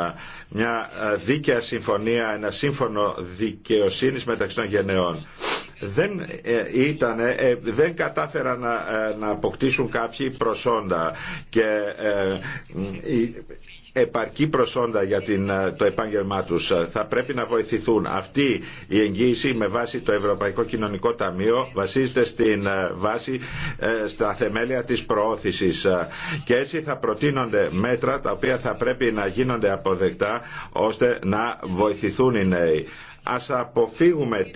Μια ε, δίκαια συμφωνία, ένα σύμφωνο δικαιοσύνης μεταξύ των γενεών. Δεν, ε, ήταν, δεν κατάφεραν να, να αποκτήσουν κάποιοι προσόντα και επαρκή προσόντα για την, ε, το επάγγελμά τους. Ε, θα πρέπει να βοηθηθούν. Αυτή η εγγύηση με βάση το Ευρωπαϊκό Κοινωνικό Ταμείο βασίζεται στην ε, βάση στα θεμέλια της προώθησης και έτσι θα προτείνονται μέτρα τα οποία θα πρέπει να γίνονται αποδεκτά ώστε να βοηθηθούν οι νέοι. Ας αποφύγουμε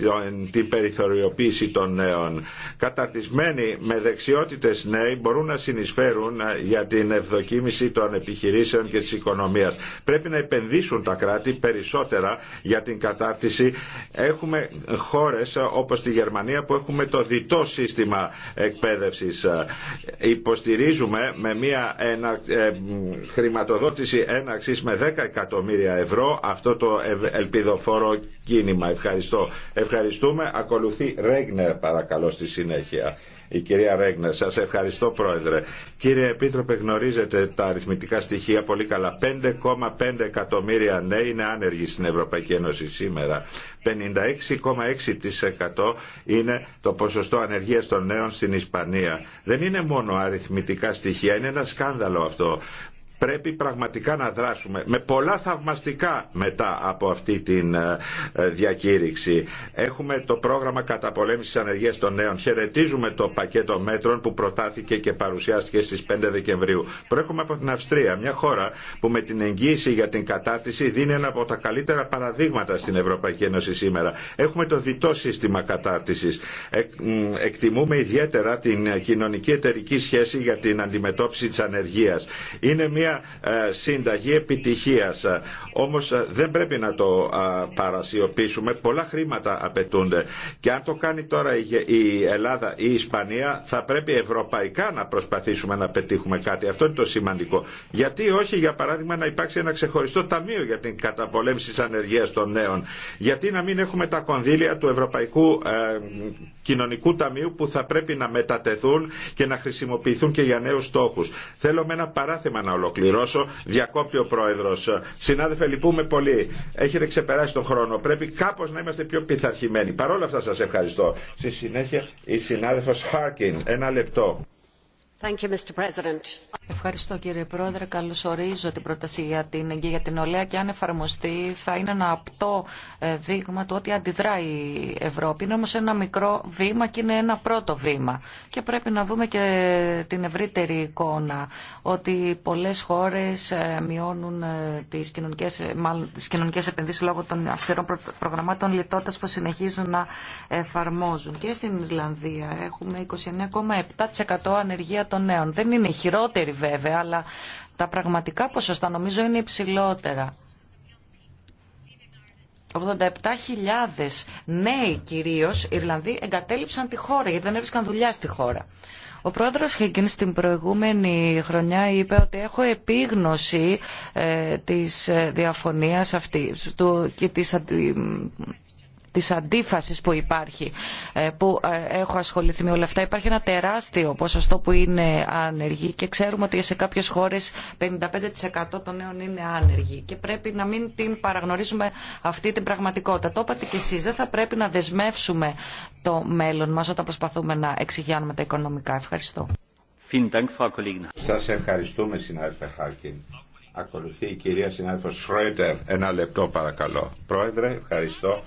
την περιθωριοποίηση των νέων. Καταρτισμένοι με δεξιότητες νέοι μπορούν να συνεισφέρουν ε, για την ευδοκίμηση των επιχειρήσεων και της οικονομίας. Πρέπει να επενδύσουν τα κράτη περισσότερα για την κατάρτιση. Έχουμε χώρες ε, όπως τη Γερμανία που έχουμε το διτό σύστημα εκπαίδευσης. Ε, υποστηρίζουμε με μια χρηματοδότηση έναξης με 10 εκατομμύρια ευρώ αυτό το ελπιδοφόρο κίνημα. Ευχαριστώ. Ευχαριστούμε. Ακολουθεί Ρέγνερ παρακαλώ στη συνέχεια. Η κυρία Ρέγνερ, σας ευχαριστώ πρόεδρε. Κύριε Επίτροπε, γνωρίζετε τα αριθμητικά στοιχεία πολύ καλά. 5,5 εκατομμύρια νέοι είναι άνεργοι στην Ευρωπαϊκή Ένωση σήμερα. 56,6% είναι το ποσοστό ανεργίας των νέων στην Ισπανία. Δεν είναι μόνο αριθμητικά στοιχεία, είναι ένα σκάνδαλο αυτό πρέπει πραγματικά να δράσουμε με πολλά θαυμαστικά μετά από αυτή την ε, ε, διακήρυξη. Έχουμε το πρόγραμμα καταπολέμησης ανεργίας των νέων. Χαιρετίζουμε το πακέτο μέτρων που προτάθηκε και παρουσιάστηκε στις 5 Δεκεμβρίου. Προέρχομαι από την Αυστρία, μια χώρα που με την εγγύηση για την κατάρτιση δίνει ένα από τα καλύτερα παραδείγματα στην Ευρωπαϊκή Ένωση σήμερα. Έχουμε το διτό σύστημα κατάρτισης. Ε, εκτιμούμε ιδιαίτερα την κοινωνική εταιρική σχέση για την αντιμετώπιση της ανεργία. Είναι μια ε, συνταγή επιτυχίας. Όμως ε, δεν πρέπει να το ε, παρασιοποιήσουμε. Πολλά χρήματα απαιτούνται. Και αν το κάνει τώρα η Ελλάδα ή η Ισπανία θα πρέπει ευρωπαϊκά να προσπαθήσουμε να πετύχουμε κάτι. Αυτό είναι το σημαντικό. Γιατί όχι για παράδειγμα να υπάρξει ένα ξεχωριστό ταμείο για την καταπολέμηση της ανεργίας των νέων. Γιατί να μην έχουμε τα κονδύλια του Ευρωπαϊκού Κοινωνικού Ταμείου που θα πρέπει να μετατεθούν και να χρησιμοποιηθούν και για νέους στόχους. Θέλω ένα παράθεμα να ολοκληρώσουμε ολοκληρώσω. Διακόπτει ο πρόεδρο. Συνάδελφε, λυπούμε πολύ. Έχετε ξεπεράσει τον χρόνο. Πρέπει κάπω να είμαστε πιο πειθαρχημένοι. Παρ' όλα αυτά σα ευχαριστώ. Στη συνέχεια η συνάδελφο Χάρκιν. Ένα λεπτό. Ευχαριστώ κύριε Πρόεδρε. Καλωσορίζω την πρόταση για την εγγύη για την Ολέα και αν εφαρμοστεί θα είναι ένα απτό ε, δείγμα του ότι αντιδράει η Ευρώπη. Είναι όμως ένα μικρό βήμα και είναι ένα πρώτο βήμα. Και πρέπει να δούμε και την ευρύτερη εικόνα ότι πολλές χώρες ε, μειώνουν ε, τις κοινωνικές, μάλλον, τις κοινωνικές επενδύσεις λόγω των αυστηρών προγραμμάτων λιτότητας που συνεχίζουν να εφαρμόζουν. Και στην Ιρλανδία έχουμε 29,7% ανεργία των νέων. Δεν είναι η χειρότερη βέβαια, αλλά τα πραγματικά ποσοστά νομίζω είναι υψηλότερα. 87.000 νέοι κυρίως Ιρλανδοί εγκατέλειψαν τη χώρα γιατί δεν έβρισκαν δουλειά στη χώρα. Ο πρόεδρος Χίγκιν στην προηγούμενη χρονιά είπε ότι έχω επίγνωση ε, της ε, διαφωνίας αυτής του, και της της αντίφασης που υπάρχει ε, που ε, έχω ασχοληθεί με όλα αυτά. Υπάρχει ένα τεράστιο ποσοστό που είναι άνεργοι και ξέρουμε ότι σε κάποιες χώρες 55% των νέων είναι άνεργοι και πρέπει να μην την παραγνωρίζουμε αυτή την πραγματικότητα. Το είπατε και εσείς, δεν θα πρέπει να δεσμεύσουμε το μέλλον μας όταν προσπαθούμε να εξηγιάνουμε τα οικονομικά. Ευχαριστώ. Σας ευχαριστούμε συνάδελφε Χάρκιν. Ακολουθεί η κυρία συνάδελφος Σρόιτερ. Ένα λεπτό παρακαλώ. Πρόεδρε, ευχαριστώ.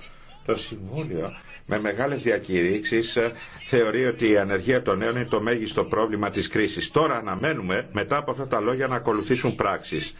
Το Συμβούλιο με μεγάλες διακηρύξεις θεωρεί ότι η ανεργία των νέων είναι το μέγιστο πρόβλημα της κρίσης. Τώρα αναμένουμε μετά από αυτά τα λόγια να ακολουθήσουν πράξεις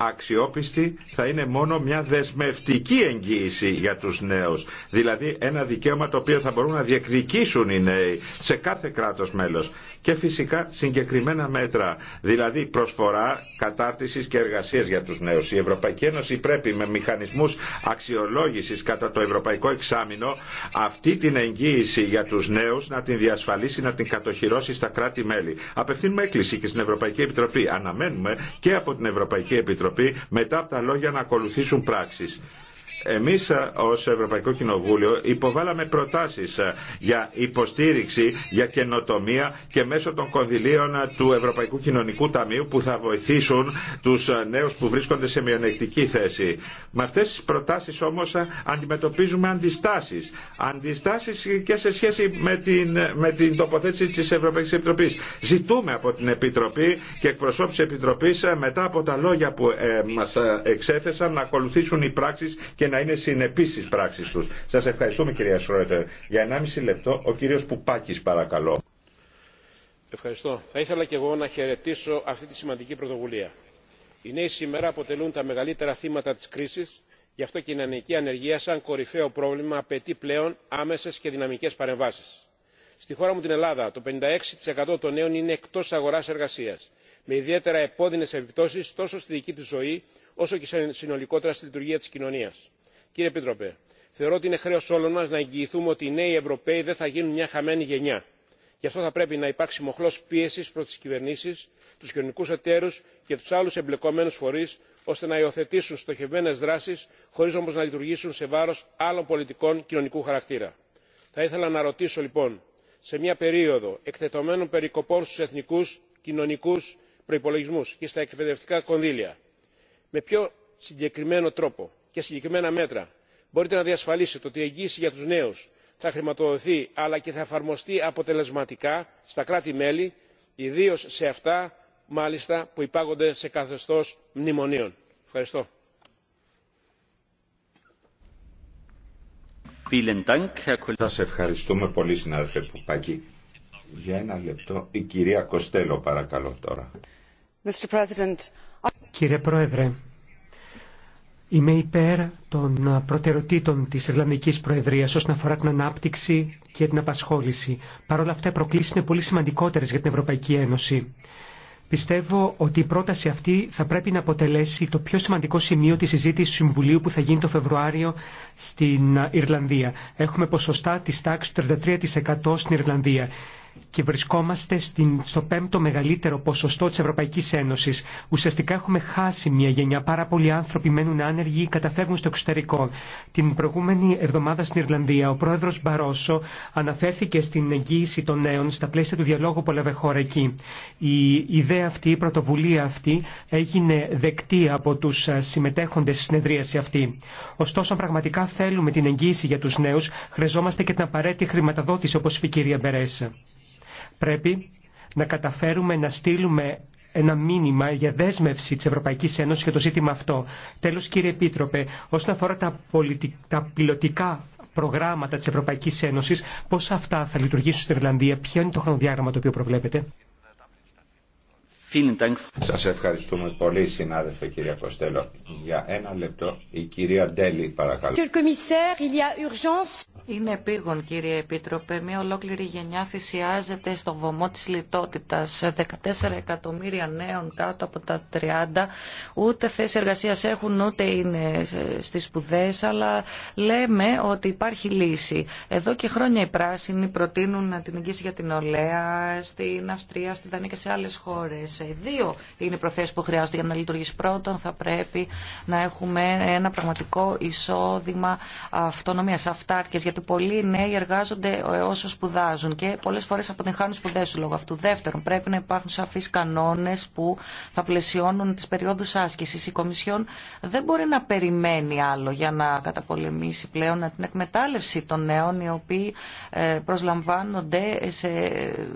αξιόπιστη θα είναι μόνο μια δεσμευτική εγγύηση για τους νέους. Δηλαδή ένα δικαίωμα το οποίο θα μπορούν να διεκδικήσουν οι νέοι σε κάθε κράτος μέλος. Και φυσικά συγκεκριμένα μέτρα, δηλαδή προσφορά κατάρτισης και εργασίας για τους νέους. Η Ευρωπαϊκή Ένωση πρέπει με μηχανισμούς αξιολόγησης κατά το Ευρωπαϊκό Εξάμεινο αυτή την εγγύηση για τους νέους να την διασφαλίσει, να την κατοχυρώσει στα κράτη-μέλη. Απευθύνουμε έκκληση και στην Ευρωπαϊκή Επιτροπή. Αναμένουμε και από την Ευρωπαϊκή Επιτροπή μετά από τα λόγια να ακολουθήσουν πράξεις εμείς ε, ως Ευρωπαϊκό Κοινοβούλιο υποβάλαμε προτάσεις ε, για υποστήριξη, για καινοτομία και μέσω των κονδυλίων ε, του Ευρωπαϊκού Κοινωνικού Ταμείου που θα βοηθήσουν τους νέους που βρίσκονται σε μειονεκτική θέση. Με αυτές τις προτάσεις όμως αντιμετωπίζουμε αντιστάσεις. Αντιστάσεις και σε σχέση με την, με την τοποθέτηση της Ευρωπαϊκής Επιτροπής. Ζητούμε από την Επιτροπή και εκπροσώπηση της Επιτροπής μετά από τα λόγια που ε, μας εξέθεσαν να ακολουθήσουν οι πράξεις και να είναι συνεπεί στι πράξει του. Σα ευχαριστούμε κυρία Σρόιτερ. Για 1,5 λεπτό ο κύριο Πουπάκη παρακαλώ. Ευχαριστώ. Θα ήθελα και εγώ να χαιρετήσω αυτή τη σημαντική πρωτοβουλία. Οι νέοι σήμερα αποτελούν τα μεγαλύτερα θύματα τη κρίση, γι' αυτό και η νεανική ανεργία σαν κορυφαίο πρόβλημα απαιτεί πλέον άμεσε και δυναμικέ παρεμβάσει. Στη χώρα μου την Ελλάδα το 56% των νέων είναι εκτό αγορά εργασία, με ιδιαίτερα επώδυνε επιπτώσει τόσο στη δική του ζωή όσο και συνολικότερα στη λειτουργία τη κοινωνία. Κύριε Επίτροπε, θεωρώ ότι είναι χρέο όλων μα να εγγυηθούμε ότι οι νέοι Ευρωπαίοι δεν θα γίνουν μια χαμένη γενιά. Γι' αυτό θα πρέπει να υπάρξει μοχλό πίεση προ τι κυβερνήσει, του κοινωνικού εταίρου και του άλλου εμπλεκόμενου φορεί, ώστε να υιοθετήσουν στοχευμένε δράσει, χωρί όμω να λειτουργήσουν σε βάρο άλλων πολιτικών κοινωνικού χαρακτήρα. Θα ήθελα να ρωτήσω λοιπόν, σε μια περίοδο εκτεταμένων περικοπών στου εθνικού κοινωνικού προπολογισμού και στα εκπαιδευτικά κονδύλια, με πιο συγκεκριμένο τρόπο και συγκεκριμένα μέτρα μπορείτε να διασφαλίσετε ότι η εγγύηση για τους νέους θα χρηματοδοθεί αλλά και θα εφαρμοστεί αποτελεσματικά στα κράτη μέλη ιδίως σε αυτά μάλιστα που υπάγονται σε καθεστώς μνημονίων. ευχαριστώ. Σας ευχαριστούμε πολύ συνάδελφε Πουπάκη. Για ένα λεπτό η κυρία Κοστέλο παρακαλώ τώρα. Κύριε Πρόεδρε, Είμαι υπέρ των προτεραιοτήτων της Ιρλανδικής Προεδρίας όσον αφορά την ανάπτυξη και την απασχόληση. Παρ' όλα αυτά, οι προκλήσεις είναι πολύ σημαντικότερες για την Ευρωπαϊκή Ένωση. Πιστεύω ότι η πρόταση αυτή θα πρέπει να αποτελέσει το πιο σημαντικό σημείο της συζήτησης του Συμβουλίου που θα γίνει το Φεβρουάριο στην Ιρλανδία. Έχουμε ποσοστά της τάξης 33% στην Ιρλανδία και βρισκόμαστε στην, στο πέμπτο μεγαλύτερο ποσοστό της Ευρωπαϊκής Ένωσης. Ουσιαστικά έχουμε χάσει μια γενιά. Πάρα πολλοί άνθρωποι μένουν άνεργοι ή καταφεύγουν στο εξωτερικό. Την προηγούμενη εβδομάδα στην Ιρλανδία ο πρόεδρος Μπαρόσο αναφέρθηκε στην εγγύηση των νέων στα πλαίσια του διαλόγου που έλαβε χώρα εκεί. Η ιδέα αυτή, η πρωτοβουλία αυτή έγινε δεκτή από τους συμμετέχοντες στη συνεδρίαση αυτή. Ωστόσο, αν πραγματικά θέλουμε την εγγύηση για τους νέους, χρειαζόμαστε και την απαραίτητη χρηματοδότηση όπως είπε η κυρία Μπερέσα. Πρέπει να καταφέρουμε να στείλουμε ένα μήνυμα για δέσμευση της Ευρωπαϊκής Ένωσης για το ζήτημα αυτό. Τέλος, κύριε Επίτροπε, όσον αφορά τα, πολιτι... τα πιλωτικά προγράμματα της Ευρωπαϊκής Ένωσης, πώς αυτά θα λειτουργήσουν στην Ιρλανδία, ποιο είναι το χρονοδιάγραμμα το οποίο προβλέπετε. Σας ευχαριστούμε πολύ συνάδελφε κυρία Κοστέλο. Για ένα λεπτό η κυρία Ντέλη παρακαλώ. Είναι επίγον κύριε Επίτροπε. Μια ολόκληρη γενιά θυσιάζεται στο βωμό της λιτότητας. 14 εκατομμύρια νέων κάτω από τα 30 ούτε θέση εργασίας έχουν ούτε είναι στις σπουδέ, αλλά λέμε ότι υπάρχει λύση. Εδώ και χρόνια οι πράσινοι προτείνουν την εγγύηση για την ολέα στην Αυστρία, στην Δανία και σε άλλες χώρες Δύο είναι οι προθέσει που χρειάζονται για να λειτουργήσει. Πρώτον, θα πρέπει να έχουμε ένα πραγματικό εισόδημα αυτονομία, αυτάρκεια, γιατί πολλοί νέοι εργάζονται όσο σπουδάζουν και πολλέ φορέ αποτυγχάνουν σπουδέ του λόγω αυτού. Δεύτερον, πρέπει να υπάρχουν σαφεί κανόνε που θα πλαισιώνουν τι περιόδου άσκηση. Η Κομισιόν δεν μπορεί να περιμένει άλλο για να καταπολεμήσει πλέον την εκμετάλλευση των νέων οι οποίοι ε, προσλαμβάνονται σε ε,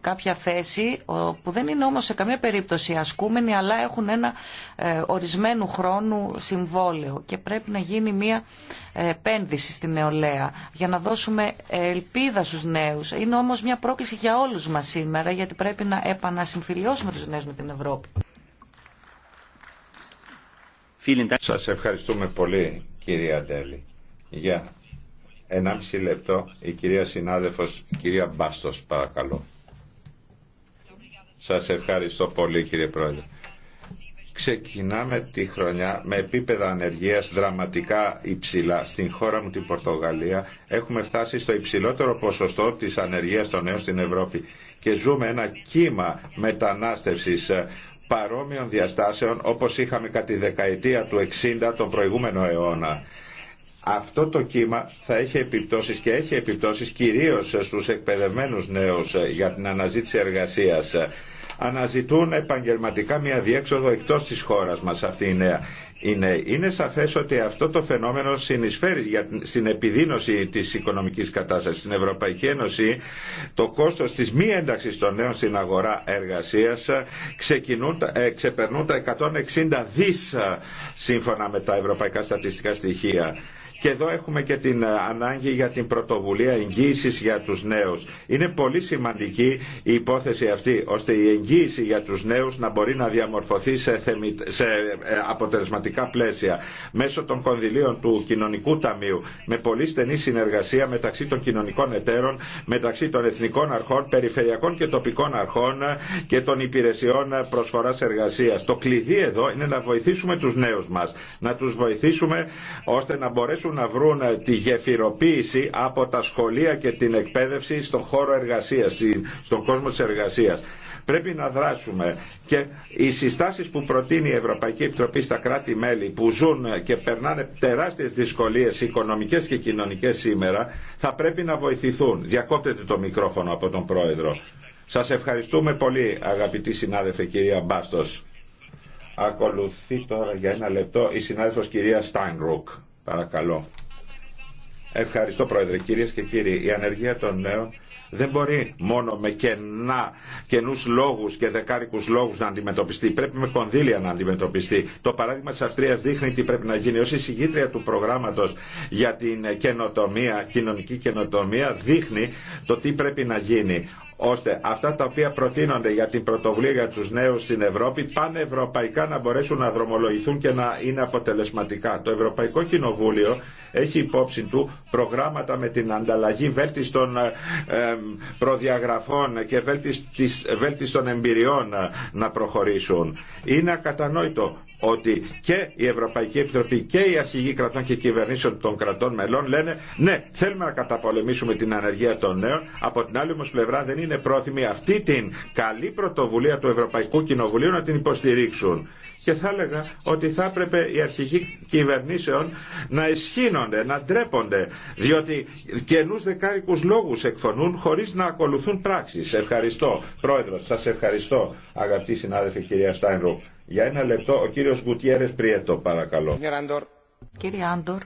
κάποια θέση που δεν είναι όμω σε καμία περίπτωση ασκούμενοι, αλλά έχουν ένα ε, ορισμένου χρόνου συμβόλαιο και πρέπει να γίνει μια ε, επένδυση στην νεολαία για να δώσουμε ελπίδα στους νέους. Είναι όμως μια πρόκληση για όλους μας σήμερα, γιατί πρέπει να επανασυμφιλιώσουμε τους νέους με την Ευρώπη. Σας ευχαριστούμε πολύ κυρία Αντέλη για μισή λεπτό η κυρία συνάδελφος, η κυρία Μπάστος παρακαλώ. Σας ευχαριστώ πολύ κύριε Πρόεδρε. Ξεκινάμε τη χρονιά με επίπεδα ανεργίας δραματικά υψηλά. Στην χώρα μου την Πορτογαλία έχουμε φτάσει στο υψηλότερο ποσοστό της ανεργίας των νέων στην Ευρώπη και ζούμε ένα κύμα μετανάστευσης ε, παρόμοιων διαστάσεων όπως είχαμε κατά τη δεκαετία του 60 τον προηγούμενο αιώνα. Αυτό το κύμα θα έχει επιπτώσεις και έχει επιπτώσεις κυρίως στους εκπαιδευμένους νέους ε, για την αναζήτηση εργασίας αναζητούν επαγγελματικά μια διέξοδο εκτός της χώρας μας αυτή η νέα. Είναι, είναι σαφές ότι αυτό το φαινόμενο συνεισφέρει για, στην επιδείνωση της οικονομικής κατάστασης στην Ευρωπαϊκή Ένωση. Το κόστος της μη ένταξης των νέων στην αγορά εργασίας ε, ξεπερνούν τα 160 δις ε, σύμφωνα με τα ευρωπαϊκά στατιστικά στοιχεία. Και εδώ έχουμε και την ε, ανάγκη για την πρωτοβουλία εγγύησης για τους νέους. Είναι πολύ σημαντική η υπόθεση αυτή, ώστε η εγγύηση για τους νέους να μπορεί να διαμορφωθεί σε, ε, αποτελεσματικά πλαίσια μέσω των κονδυλίων του Κοινωνικού Ταμείου, με πολύ στενή συνεργασία μεταξύ των κοινωνικών εταίρων, μεταξύ των εθνικών αρχών, περιφερειακών και τοπικών αρχών ε, και των υπηρεσιών προσφορά εργασίας. Το κλειδί εδώ είναι να βοηθήσουμε τους νέους μας, να τους βοηθήσουμε ώστε να μπορέσουν να βρουν τη γεφυροποίηση από τα σχολεία και την εκπαίδευση στον χώρο εργασίας, στον κόσμο της εργασίας. Πρέπει να δράσουμε και οι συστάσεις που προτείνει η Ευρωπαϊκή Επιτροπή στα κράτη-μέλη που ζουν και περνάνε τεράστιες δυσκολίες οικονομικές και κοινωνικές σήμερα θα πρέπει να βοηθηθούν. Διακόπτεται το μικρόφωνο από τον Πρόεδρο. Σας ευχαριστούμε πολύ αγαπητοί συνάδελφοι κυρία Μπάστος. Ακολουθεί τώρα για ένα λεπτό η συνάδελφος κυρία Στάινρουκ. Παρακαλώ. Ευχαριστώ Πρόεδρε. Κυρίες και κύριοι, η ανεργία των νέων δεν μπορεί μόνο με κενά, κενούς λόγους και δεκάρικους λόγους να αντιμετωπιστεί. Πρέπει με κονδύλια να αντιμετωπιστεί. Το παράδειγμα της Αυστρίας δείχνει τι πρέπει να γίνει. Ως εισηγήτρια του προγράμματος για την καινοτομία, κοινωνική καινοτομία, δείχνει το τι πρέπει να γίνει ώστε αυτά τα οποία προτείνονται για την πρωτοβουλία για τους νέους στην Ευρώπη πανευρωπαϊκά να μπορέσουν να δρομολογηθούν και να είναι αποτελεσματικά. Το Ευρωπαϊκό Κοινοβούλιο έχει υπόψη του προγράμματα με την ανταλλαγή βέλτιστων ε, προδιαγραφών και βέλτιστων εμπειριών ε, να προχωρήσουν. Είναι ακατανόητο ότι και η Ευρωπαϊκή Επιτροπή και οι αρχηγοί κρατών και κυβερνήσεων των κρατών μελών λένε ναι, θέλουμε να καταπολεμήσουμε την ανεργία των νέων, από την άλλη όμως πλευρά δεν είναι είναι πρόθυμοι αυτή την καλή πρωτοβουλία του Ευρωπαϊκού Κοινοβουλίου να την υποστηρίξουν. Και θα έλεγα ότι θα έπρεπε οι αρχηγοί κυβερνήσεων να ισχύνονται, να ντρέπονται, διότι καινούς δεκάρικους λόγους εκφωνούν χωρίς να ακολουθούν πράξεις. Ευχαριστώ, Πρόεδρος, σας ευχαριστώ, αγαπητοί συνάδελφοι, κυρία Στάινρου. Για ένα λεπτό, ο κύριος Γκουτιέρες Πριέτο, παρακαλώ. Κύριε Άντορ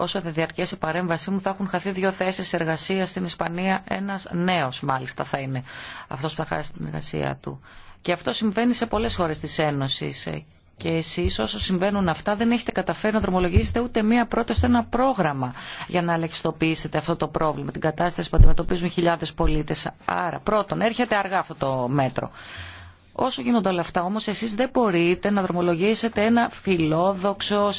όσο θα διαρκέσει η παρέμβασή μου θα έχουν χαθεί δύο θέσει εργασία στην Ισπανία. ένα νέο μάλιστα θα είναι αυτό που θα χάσει την εργασία του. Και αυτό συμβαίνει σε πολλέ χώρε τη Ένωση. Και εσεί, όσο συμβαίνουν αυτά, δεν έχετε καταφέρει να δρομολογήσετε ούτε μία πρόταση, ένα πρόγραμμα για να αλεξιτοποιήσετε αυτό το πρόβλημα, την κατάσταση που αντιμετωπίζουν χιλιάδε πολίτε. Άρα, πρώτον, έρχεται αργά αυτό το μέτρο. Όσο γίνονται όλα αυτά όμως εσείς δεν μπορείτε να δρομολογήσετε ένα φιλόδοξο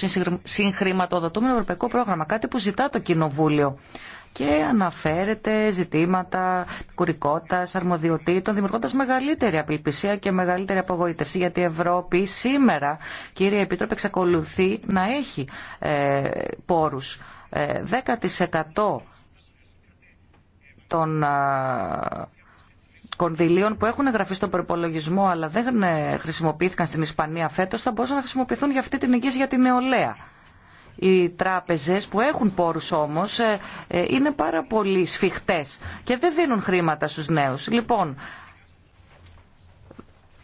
συγχρηματοδοτούμενο ευρωπαϊκό πρόγραμμα, κάτι που ζητά το Κοινοβούλιο και αναφέρεται ζητήματα κουρικότητα, αρμοδιοτήτων, δημιουργώντα μεγαλύτερη απελπισία και μεγαλύτερη απογοήτευση. Γιατί η Ευρώπη σήμερα, κύριε Επίτροπε, εξακολουθεί να έχει ε, πόρου. 10% ε, των κονδυλίων που έχουν εγγραφεί στον προπολογισμό αλλά δεν ε, χρησιμοποιήθηκαν στην Ισπανία φέτο θα μπορούσαν να χρησιμοποιηθούν για αυτή την εγγύηση για την νεολαία. Οι τράπεζε που έχουν πόρου όμω ε, ε, είναι πάρα πολύ σφιχτέ και δεν δίνουν χρήματα στου νέου. Λοιπόν,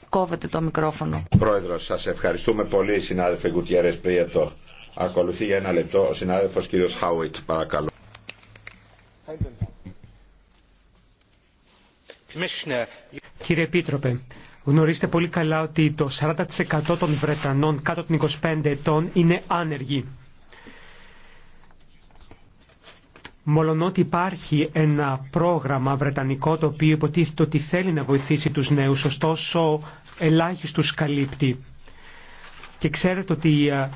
κόβεται το μικρόφωνο. Πρόεδρο, σα ευχαριστούμε πολύ συνάδελφε Γκουτιέρε Πρίετο. Ακολουθεί για ένα λεπτό ο συνάδελφο κύριο Χάουιτ, παρακαλώ. Κύριε Επίτροπε, γνωρίζετε πολύ καλά ότι το 40% των Βρετανών κάτω των 25 ετών είναι άνεργοι. Μολονότι υπάρχει ένα πρόγραμμα βρετανικό το οποίο υποτίθεται ότι θέλει να βοηθήσει τους νέους, ωστόσο ελάχιστος καλύπτει. Και ξέρετε ότι ε,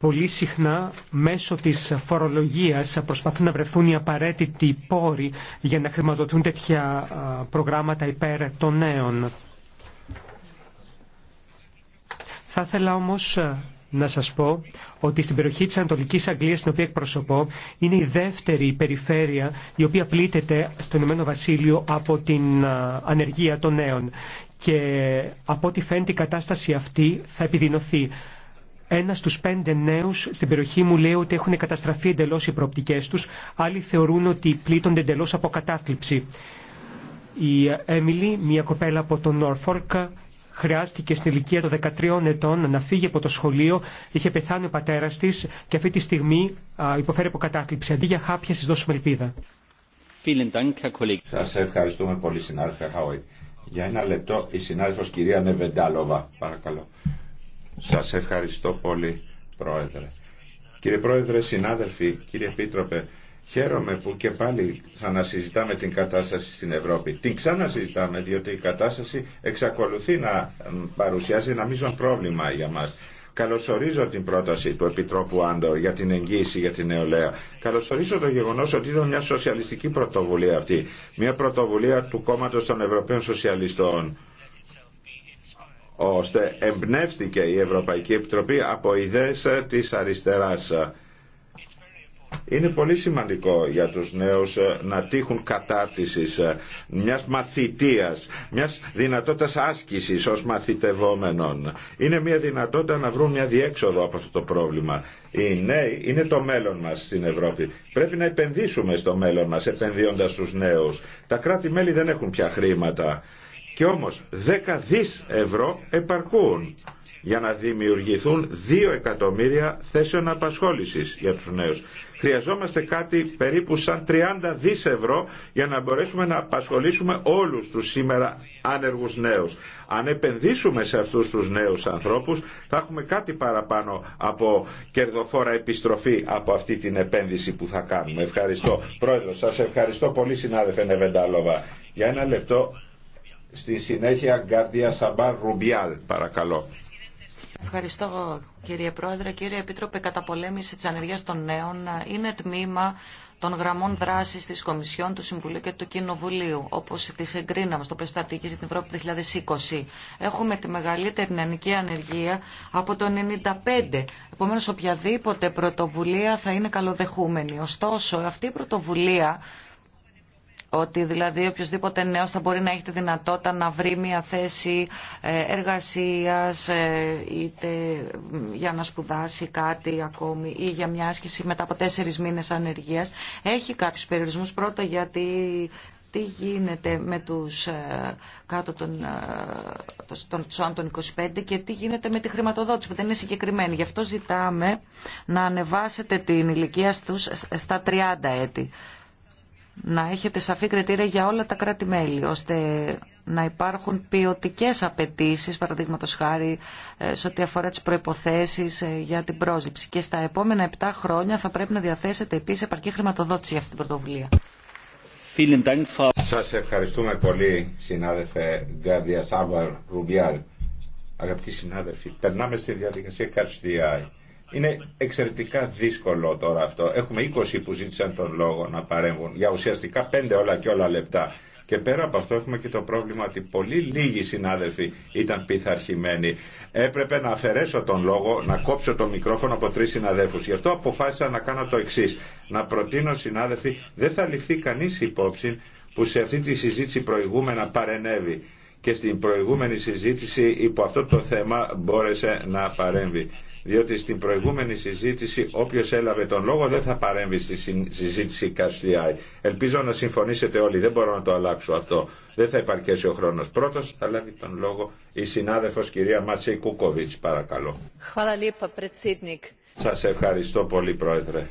πολύ συχνά μέσω της φορολογίας προσπαθούν να βρεθούν οι απαραίτητοι πόροι για να χρηματοδοτούν τέτοια προγράμματα υπέρ των νέων. Θα ήθελα όμως να σας πω ότι στην περιοχή της Ανατολικής Αγγλίας, στην οποία εκπροσωπώ, είναι η δεύτερη περιφέρεια η οποία πλήττεται στο Ηνωμένο Βασίλειο από την ανεργία των νέων. Και από ό,τι φαίνεται η κατάσταση αυτή θα επιδεινωθεί. Ένα στου πέντε νέου στην περιοχή μου λέει ότι έχουν καταστραφεί εντελώ οι προοπτικέ του. Άλλοι θεωρούν ότι πλήττονται εντελώ από κατάθλιψη. Η Έμιλι, μια κοπέλα από τον Νόρφορκ, χρειάστηκε στην ηλικία των 13 ετών να φύγει από το σχολείο. Είχε πεθάνει ο πατέρα τη και αυτή τη στιγμή υποφέρει από κατάθλιψη. Αντί για χάπια, σα δώσουμε ελπίδα. Σα ευχαριστούμε πολύ, συνάδελφε Χαόι. Για ένα λεπτό, η συνάδελφο κυρία Νεβεντάλοβα. Παρακαλώ. Σας ευχαριστώ πολύ, Πρόεδρε. Κύριε Πρόεδρε, συνάδελφοι, κύριε Επίτροπε, χαίρομαι που και πάλι ξανασυζητάμε την κατάσταση στην Ευρώπη. Την ξανασυζητάμε, διότι η κατάσταση εξακολουθεί να παρουσιάζει ένα μείζον πρόβλημα για μας. Καλωσορίζω την πρόταση του Επιτρόπου Άντο για την εγγύηση για την νεολαία. Καλωσορίζω το γεγονό ότι ήταν μια σοσιαλιστική πρωτοβουλία αυτή. Μια πρωτοβουλία του κόμματο των Ευρωπαίων Σοσιαλιστών ώστε εμπνεύστηκε η Ευρωπαϊκή Επιτροπή από ιδέες της αριστεράς. Είναι πολύ σημαντικό για τους νέους να τύχουν κατάρτισης, μιας μαθητείας, μιας δυνατότητας άσκησης ως μαθητευόμενων. Είναι μια δυνατότητα να βρουν μια διέξοδο από αυτό το πρόβλημα. Οι νέοι είναι το μέλλον μας στην Ευρώπη. Πρέπει να επενδύσουμε στο μέλλον μας επενδύοντας στους νέους. Τα κράτη-μέλη δεν έχουν πια χρήματα και όμως 10 δις ευρώ επαρκούν για να δημιουργηθούν 2 εκατομμύρια θέσεων απασχόλησης για τους νέους. Χρειαζόμαστε κάτι περίπου σαν 30 δις ευρώ για να μπορέσουμε να απασχολήσουμε όλους τους σήμερα άνεργους νέους. Αν επενδύσουμε σε αυτούς τους νέους ανθρώπους θα έχουμε κάτι παραπάνω από κερδοφόρα επιστροφή από αυτή την επένδυση που θα κάνουμε. Ευχαριστώ. Πρόεδρος, σας ευχαριστώ πολύ συνάδελφε Νεβεντάλοβα. Για ένα λεπτό Στη συνέχεια Γκάρδια Σαμπάρ Ρουμπιάλ, παρακαλώ. Ευχαριστώ κύριε Πρόεδρε. Κύριε Επίτροπε, καταπολέμηση της ανεργίας των νέων είναι τμήμα των γραμμών δράσης της Κομισιόν, του Συμβουλίου και του Κοινοβουλίου, όπως τις εγκρίναμε στο πλαίσιο για την Ευρώπη το 2020. Έχουμε τη μεγαλύτερη νεανική ανεργία από το 1995. Επομένως, οποιαδήποτε πρωτοβουλία θα είναι καλοδεχούμενη. Ωστόσο, αυτή η πρωτοβουλία ότι δηλαδή οποιοδήποτε νέος θα μπορεί να έχει τη δυνατότητα να βρει μια θέση ε, εργασίας ε, είτε για να σπουδάσει κάτι ακόμη ή για μια άσκηση μετά από τέσσερι μήνες ανεργίας. Έχει κάποιου περιορισμού. πρώτα γιατί τι γίνεται με τους ε, κάτω των, των, των 25 και τι γίνεται με τη χρηματοδότηση που δεν είναι συγκεκριμένη. Γι' αυτό ζητάμε να ανεβάσετε την ηλικία στους, στα 30 έτη να έχετε σαφή κριτήρια για όλα τα κράτη-μέλη, ώστε να υπάρχουν ποιοτικέ απαιτήσει, παραδείγματο χάρη, ε, σε ό,τι αφορά τι προποθέσει ε, για την πρόσληψη. Και στα επόμενα 7 χρόνια θα πρέπει να διαθέσετε επίση επαρκή χρηματοδότηση για αυτή την πρωτοβουλία. Σα ευχαριστούμε πολύ, συνάδελφε Γκάρδια Σάβαρ Ρουμπιάλ. Αγαπητοί συνάδελφοι, περνάμε στη διαδικασία είναι εξαιρετικά δύσκολο τώρα αυτό. Έχουμε 20 που ζήτησαν τον λόγο να παρέμβουν για ουσιαστικά 5 όλα και όλα λεπτά. Και πέρα από αυτό έχουμε και το πρόβλημα ότι πολύ λίγοι συνάδελφοι ήταν πειθαρχημένοι. Έπρεπε να αφαιρέσω τον λόγο, να κόψω το μικρόφωνο από τρει συνάδελφους. Γι' αυτό αποφάσισα να κάνω το εξή. Να προτείνω συνάδελφοι, δεν θα ληφθεί κανεί υπόψη που σε αυτή τη συζήτηση προηγούμενα παρενέβη. Και στην προηγούμενη συζήτηση υπό αυτό το θέμα μπόρεσε να παρέμβει διότι στην προηγούμενη συζήτηση όποιος έλαβε τον λόγο δεν θα παρέμβει στη συζήτηση Καστιάη. Ελπίζω να συμφωνήσετε όλοι, δεν μπορώ να το αλλάξω αυτό. Δεν θα υπαρκέσει ο χρόνος. Πρώτος θα λάβει τον λόγο η συνάδελφος κυρία Μάτσε Κούκοβιτς, παρακαλώ. Σας ευχαριστώ πολύ Πρόεδρε.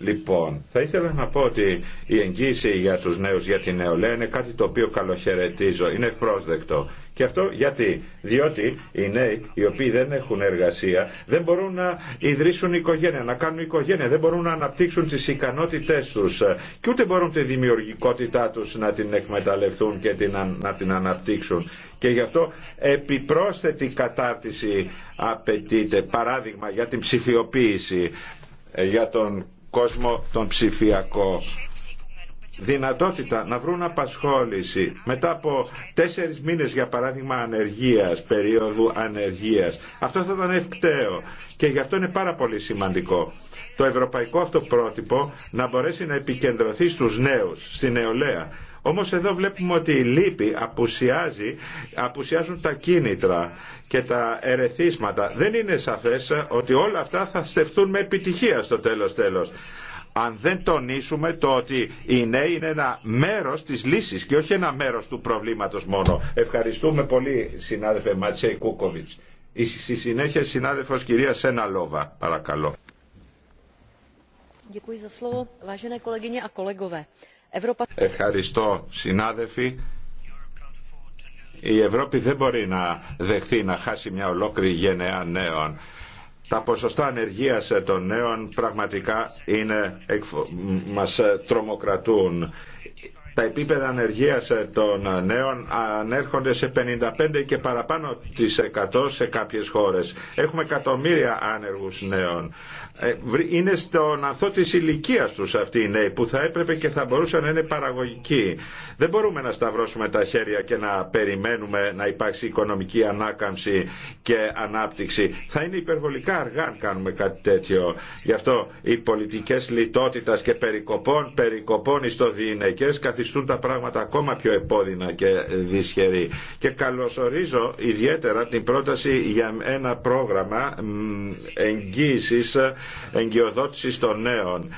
Λοιπόν, θα ήθελα να πω ότι η εγγύηση για τους νέους, για την νεολαία είναι κάτι το οποίο καλοχαιρετίζω, είναι ευπρόσδεκτο και αυτό γιατί, διότι οι νέοι οι οποίοι δεν έχουν εργασία δεν μπορούν να ιδρύσουν οικογένεια, να κάνουν οικογένεια, δεν μπορούν να αναπτύξουν τις ικανότητές τους και ούτε μπορούν τη δημιουργικότητά τους να την εκμεταλλευτούν και την, να την αναπτύξουν. Και γι' αυτό επιπρόσθετη κατάρτιση απαιτείται, παράδειγμα για την ψηφιοποίηση, ε, για τον κόσμο τον ψηφιακό δυνατότητα να βρουν απασχόληση μετά από τέσσερις μήνες για παράδειγμα ανεργίας, περίοδου ανεργίας. Αυτό θα ήταν ευκταίο και γι' αυτό είναι πάρα πολύ σημαντικό το ευρωπαϊκό αυτό πρότυπο να μπορέσει να επικεντρωθεί στους νέους, στην νεολαία. Όμως εδώ βλέπουμε ότι η λύπη απουσιάζει, απουσιάζουν τα κίνητρα και τα ερεθίσματα. Δεν είναι σαφές ότι όλα αυτά θα στεφτούν με επιτυχία στο τέλος τέλος αν δεν τονίσουμε το ότι οι νέοι είναι ένα μέρος της λύσης και όχι ένα μέρος του προβλήματος μόνο. Ευχαριστούμε πολύ συνάδελφε Ματσέη Κούκοβιτς. Στη συνέχεια συνάδελφος κυρία Σένα Λόβα, παρακαλώ. Ευχαριστώ συνάδελφοι. Η Ευρώπη δεν μπορεί να δεχθεί να χάσει μια ολόκληρη γενεά νέων τα ποσοστά ανεργίας των νέων πραγματικά είναι, μας ε, τρομοκρατούν τα επίπεδα ανεργίας ε, των ε, νέων ανέρχονται σε 55 και παραπάνω της 100 σε κάποιες χώρες. Έχουμε εκατομμύρια άνεργους νέων. Ε, είναι στον αθό της ηλικίας τους αυτοί οι νέοι που θα έπρεπε και θα μπορούσαν να είναι παραγωγικοί. Δεν μπορούμε να σταυρώσουμε τα χέρια και να περιμένουμε να υπάρξει οικονομική ανάκαμψη και ανάπτυξη. Θα είναι υπερβολικά αργά αν κάνουμε κάτι τέτοιο. Γι' αυτό οι πολιτικές λιτότητας και περικοπών, περικοπών ιστοδιειναικές καθ καθιστούν τα πράγματα ακόμα πιο επώδυνα και δυσχερή. Και καλωσορίζω ιδιαίτερα την πρόταση για ένα πρόγραμμα εγγύησης, εγκυοδότησης των νέων.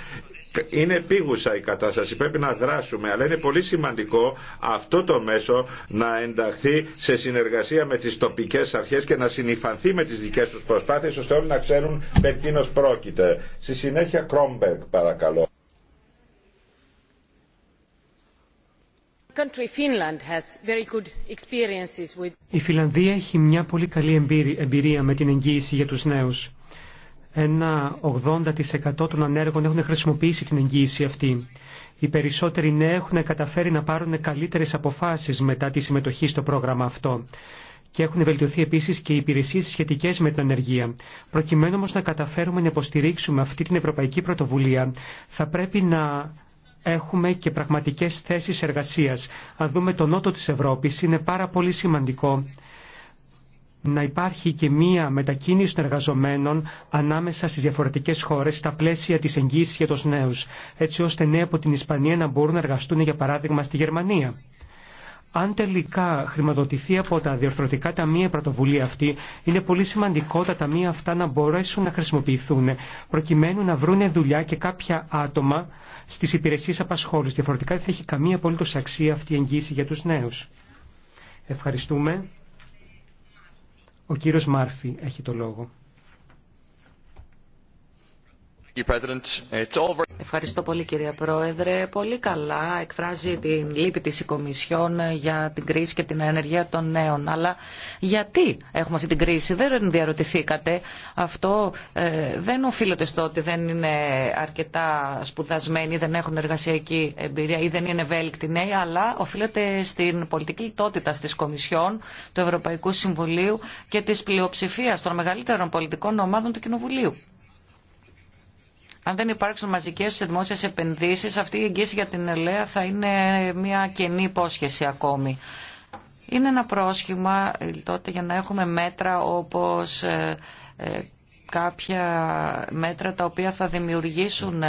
Είναι επίγουσα η κατάσταση, πρέπει να δράσουμε, αλλά είναι πολύ σημαντικό αυτό το μέσο να ενταχθεί σε συνεργασία με τις τοπικές αρχές και να συνειφανθεί με τις δικές τους προσπάθειες, ώστε όλοι να ξέρουν περί τίνος πρόκειται. Στη συνέχεια, Κρόμπεργκ, παρακαλώ. Η Φιλανδία έχει μια πολύ καλή εμπειρία με την εγγύηση για τους νέους. Ένα 80% των ανέργων έχουν χρησιμοποιήσει την εγγύηση αυτή. Οι περισσότεροι νέοι έχουν καταφέρει να πάρουν καλύτερες αποφάσεις μετά τη συμμετοχή στο πρόγραμμα αυτό και έχουν βελτιωθεί επίσης και οι υπηρεσίες σχετικές με την ανεργία. Προκειμένου όμω να καταφέρουμε να υποστηρίξουμε αυτή την ευρωπαϊκή πρωτοβουλία, θα πρέπει να έχουμε και πραγματικές θέσεις εργασίας. Αν δούμε το νότο της Ευρώπης, είναι πάρα πολύ σημαντικό να υπάρχει και μία μετακίνηση των εργαζομένων ανάμεσα στις διαφορετικές χώρες στα πλαίσια της εγγύησης για τους νέους, έτσι ώστε νέοι από την Ισπανία να μπορούν να εργαστούν για παράδειγμα στη Γερμανία. Αν τελικά χρηματοδοτηθεί από τα διορθωτικά ταμεία η πρωτοβουλία αυτή, είναι πολύ σημαντικό τα ταμεία αυτά να μπορέσουν να χρησιμοποιηθούν, προκειμένου να βρουν δουλειά και κάποια άτομα στι υπηρεσίε απασχόληση. Διαφορετικά δεν θα έχει καμία απολύτω αξία αυτή η εγγύηση για του νέου. Ευχαριστούμε. Ο κύριος Μάρφη έχει το λόγο. Ευχαριστώ πολύ κύριε Πρόεδρε. Πολύ καλά εκφράζει την λύπη της η Κομισιόν ε, για την κρίση και την ενεργεία των νέων. Αλλά γιατί έχουμε αυτή την κρίση, δεν διαρωτηθήκατε. Αυτό ε, δεν οφείλεται στο ότι δεν είναι αρκετά σπουδασμένοι, δεν έχουν εργασιακή εμπειρία ή δεν είναι ευέλικτοι νέοι, αλλά οφείλεται στην πολιτική λιτότητα της Κομισιόν, του Ευρωπαϊκού Συμβουλίου και της πλειοψηφίας των μεγαλύτερων πολιτικών ομάδων του Κοινοβουλίου αν δεν υπάρξουν μαζικέ δημόσιε επενδύσει, αυτή η εγγύηση για την ΕΛΕΑ θα είναι μια κενή υπόσχεση ακόμη. Είναι ένα πρόσχημα ε, τότε για να έχουμε μέτρα όπως ε, ε, κάποια μέτρα τα οποία θα δημιουργήσουν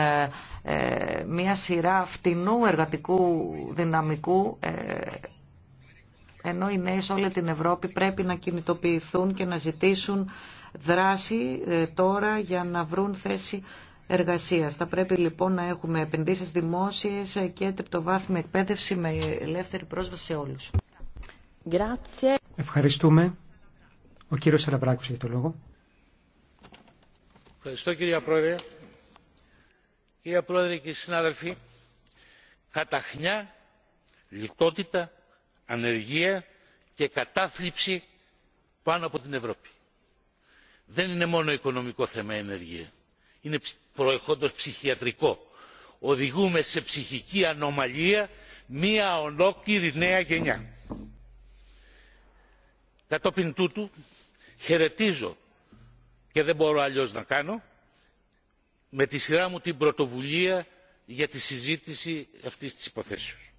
μια σειρά φτηνού εργατικού δυναμικού ενώ οι νέοι σε όλη την Ευρώπη πρέπει να κινητοποιηθούν και να ζητήσουν δράση τώρα για να βρουν θέση θα πρέπει λοιπόν να έχουμε επενδύσει δημόσιες και τεπτοβάθμια εκπαίδευση με ελεύθερη πρόσβαση σε όλους. Ευχαριστούμε. Ο κύριος Σαραβράκος για το λόγο. Ευχαριστώ κυρία Πρόεδρε. Κυρία Πρόεδρε και συνάδελφοι, καταχνιά, λιτότητα, ανεργία και κατάθλιψη πάνω από την Ευρώπη. Δεν είναι μόνο οικονομικό θέμα η ενεργία είναι προεχόντως ψυχιατρικό. Οδηγούμε σε ψυχική ανομαλία μία ολόκληρη νέα γενιά. Κατόπιν τούτου χαιρετίζω και δεν μπορώ αλλιώς να κάνω με τη σειρά μου την πρωτοβουλία για τη συζήτηση αυτής της υποθέσεως.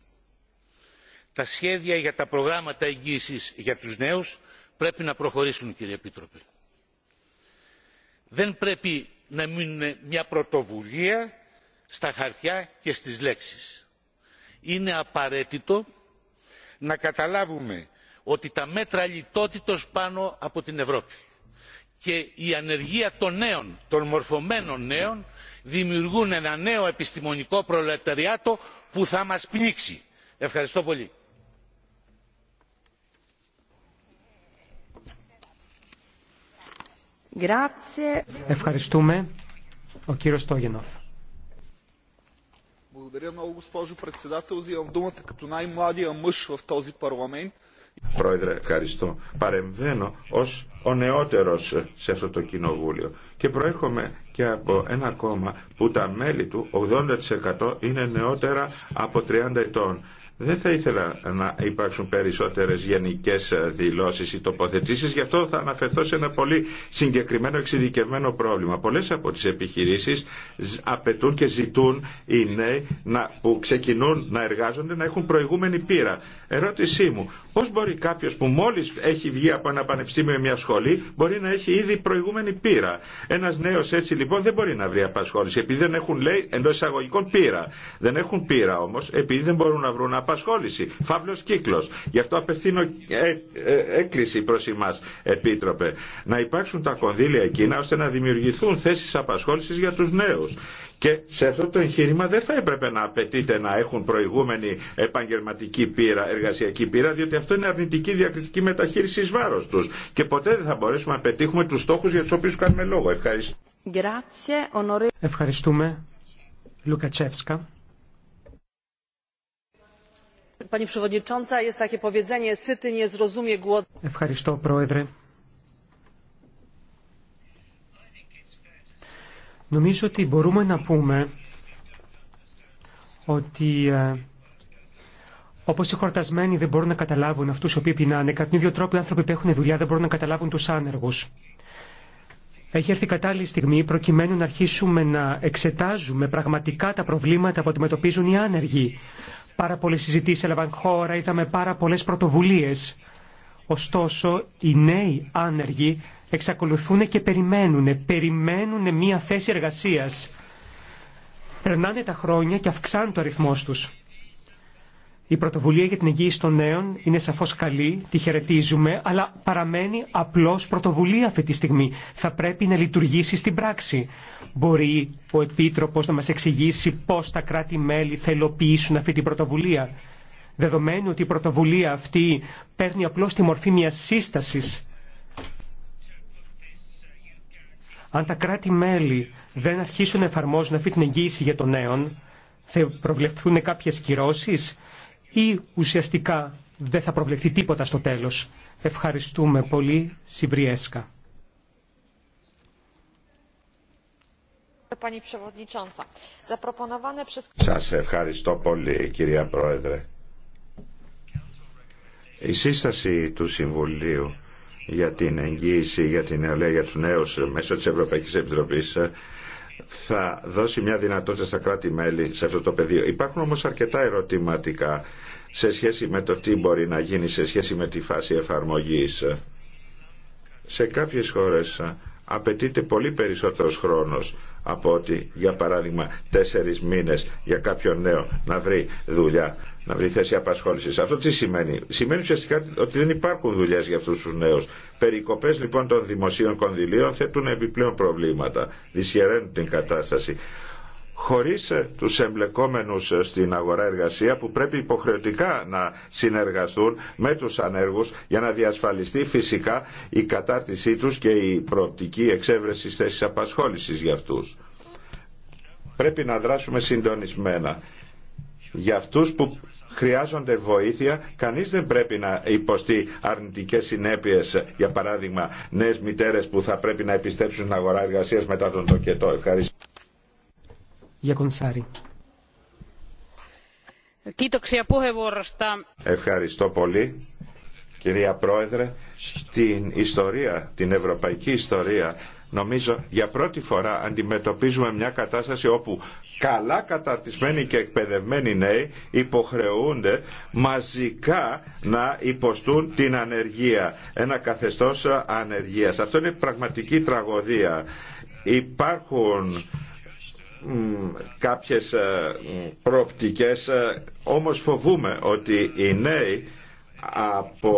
Τα σχέδια για τα προγράμματα εγγύησης για τους νέους πρέπει να προχωρήσουν κύριε Επίτροπε. Δεν πρέπει να μείνουν μια πρωτοβουλία στα χαρτιά και στις λέξεις. Είναι απαραίτητο να καταλάβουμε ότι τα μέτρα λιτότητος πάνω από την Ευρώπη και η ανεργία των νέων, των μορφωμένων νέων, δημιουργούν ένα νέο επιστημονικό προλεταριάτο που θα μας πνίξει. Ευχαριστώ πολύ. Ευχαριστούμε. Ο κύριο Στόγενοφ. Πρόεδρε, ευχαριστώ. Παρεμβαίνω ω ο νεότερο σε αυτό το κοινοβούλιο και προέρχομαι και από ένα κόμμα που τα μέλη του 80% είναι νεότερα από 30 ετών. Δεν θα ήθελα να υπάρξουν περισσότερες γενικές ε, δηλώσεις ή τοποθετήσεις, γι' αυτό θα αναφερθώ σε ένα πολύ συγκεκριμένο εξειδικευμένο πρόβλημα. Πολλές από τις επιχειρήσεις απαιτούν και ζητούν οι νέοι να, που ξεκινούν να εργάζονται να έχουν προηγούμενη πείρα. Ερώτησή μου, πώς μπορεί κάποιος που μόλις έχει βγει από ένα πανεπιστήμιο ή μια σχολή μπορεί να έχει ήδη προηγούμενη πείρα. Ένας νέος έτσι λοιπόν δεν μπορεί να βρει απασχόληση επειδή δεν έχουν λέει εντός εισαγωγικών πείρα. Δεν έχουν πείρα όμως επειδή δεν μπορούν να βρουν απασχόληση απασχόληση. Φαύλος κύκλος. Γι' αυτό απευθύνω ε, ε, έκκληση προς εμάς, Επίτροπε, να υπάρξουν τα κονδύλια εκείνα ώστε να δημιουργηθούν θέσεις απασχόλησης για τους νέους. Και σε αυτό το εγχείρημα δεν θα έπρεπε να απαιτείται να έχουν προηγούμενη επαγγελματική πείρα, εργασιακή πείρα, διότι αυτό είναι αρνητική διακριτική μεταχείριση ει βάρο του. Και ποτέ δεν θα μπορέσουμε να πετύχουμε του στόχου για του οποίου κάνουμε λόγο. Ευχαριστώ. Ευχαριστούμε. Λουκατσεύσκα. Ευχαριστώ, Πρόεδρε. Νομίζω ότι μπορούμε να πούμε ότι ε, όπως οι χορτασμένοι δεν μπορούν να καταλάβουν αυτούς οι οποίοι πεινάνε, κατά τον ίδιο τρόπο οι άνθρωποι που έχουν δουλειά δεν μπορούν να καταλάβουν τους άνεργους. Έχει έρθει κατάλληλη στιγμή προκειμένου να αρχίσουμε να εξετάζουμε πραγματικά τα προβλήματα που αντιμετωπίζουν οι άνεργοι. Πάρα πολλέ συζητήσει έλαβαν χώρα, είδαμε πάρα πολλέ πρωτοβουλίε. Ωστόσο, οι νέοι άνεργοι εξακολουθούν και περιμένουν. Περιμένουν μία θέση εργασία. Περνάνε τα χρόνια και αυξάνουν το αριθμό τους. Η πρωτοβουλία για την εγγύηση των νέων είναι σαφώς καλή, τη χαιρετίζουμε, αλλά παραμένει απλώς πρωτοβουλία αυτή τη στιγμή. Θα πρέπει να λειτουργήσει στην πράξη. Μπορεί ο Επίτροπος να μας εξηγήσει πώς τα κράτη-μέλη θα αυτή την πρωτοβουλία. Δεδομένου ότι η πρωτοβουλία αυτή παίρνει απλώς τη μορφή μιας σύστασης. Αν τα κράτη-μέλη δεν αρχίσουν να εφαρμόζουν αυτή την εγγύηση για τον νέων, θα προβλεφθούν κάποιες κυρώσεις, ή ουσιαστικά δεν θα προβλεφθεί τίποτα στο τέλος. Ευχαριστούμε πολύ, Σιβριέσκα. Σας ευχαριστώ πολύ, κυρία Πρόεδρε. Η σύσταση του Συμβουλίου για την εγγύηση για την νεολαία για τους νέους μέσω της Ευρωπαϊκής Επιτροπής θα δώσει μια δυνατότητα στα κράτη-μέλη σε αυτό το πεδίο. Υπάρχουν όμως αρκετά ερωτηματικά σε σχέση με το τι μπορεί να γίνει σε σχέση με τη φάση εφαρμογής. Σε κάποιες χώρες απαιτείται πολύ περισσότερος χρόνος από ότι για παράδειγμα τέσσερις μήνες για κάποιον νέο να βρει δουλειά να βρει θέση απασχόληση. Αυτό τι σημαίνει. Σημαίνει ουσιαστικά ότι δεν υπάρχουν δουλειέ για αυτούς τους νέους. Περικοπές λοιπόν των δημοσίων κονδυλίων θέτουν επιπλέον προβλήματα. Δυσχεραίνουν την κατάσταση Χωρί ε, του εμπλεκόμενους ε, στην αγορά εργασία που πρέπει υποχρεωτικά να συνεργαστούν με του ανέργου για να διασφαλιστεί φυσικά η κατάρτισή του και η προοπτική εξέβρεση θέση απασχόληση για αυτού. Πρέπει να δράσουμε συντονισμένα για αυτούς που χρειάζονται βοήθεια, κανείς δεν πρέπει να υποστεί αρνητικές συνέπειες, για παράδειγμα νέες μητέρες που θα πρέπει να επιστέψουν στην αγορά εργασίας μετά τον τοκετό. Ευχαριστώ. Για κονσάρι. Ευχαριστώ πολύ. Κυρία Πρόεδρε, στην ιστορία, την ευρωπαϊκή ιστορία, νομίζω για πρώτη φορά αντιμετωπίζουμε μια κατάσταση όπου καλά καταρτισμένοι και εκπαιδευμένοι νέοι υποχρεούνται μαζικά να υποστούν την ανεργία, ένα καθεστώς ανεργίας. Αυτό είναι πραγματική τραγωδία. Υπάρχουν κάποιες ε, προοπτικές, ε, όμως φοβούμε ότι οι νέοι από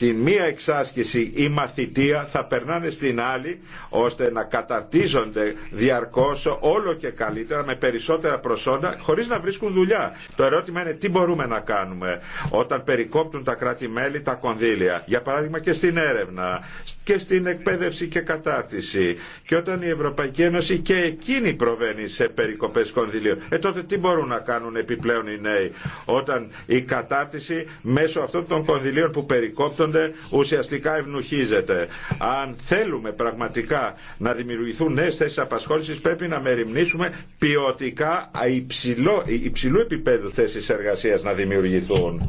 στην μία εξάσκηση η μαθητεία θα περνάνε στην άλλη ώστε να καταρτίζονται διαρκώς όλο και καλύτερα με περισσότερα προσόντα χωρίς να βρίσκουν δουλειά. Το ερώτημα είναι τι μπορούμε να κάνουμε όταν περικόπτουν τα κράτη-μέλη τα κονδύλια. Για παράδειγμα και στην έρευνα και στην εκπαίδευση και κατάρτιση. Και όταν η Ευρωπαϊκή Ένωση και εκείνη προβαίνει σε περικοπές κονδυλίων. Ε τότε τι μπορούν να κάνουν επιπλέον οι νέοι όταν η κατάρτιση μέσω αυτών των κονδυλίων που περικόπτουν ουσιαστικά ευνουχίζεται. Αν θέλουμε πραγματικά να δημιουργηθούν νέε θέσει απασχόληση, πρέπει να μεριμνήσουμε ποιοτικά υψηλό, υψηλού επίπεδου θέσει εργασία να δημιουργηθούν.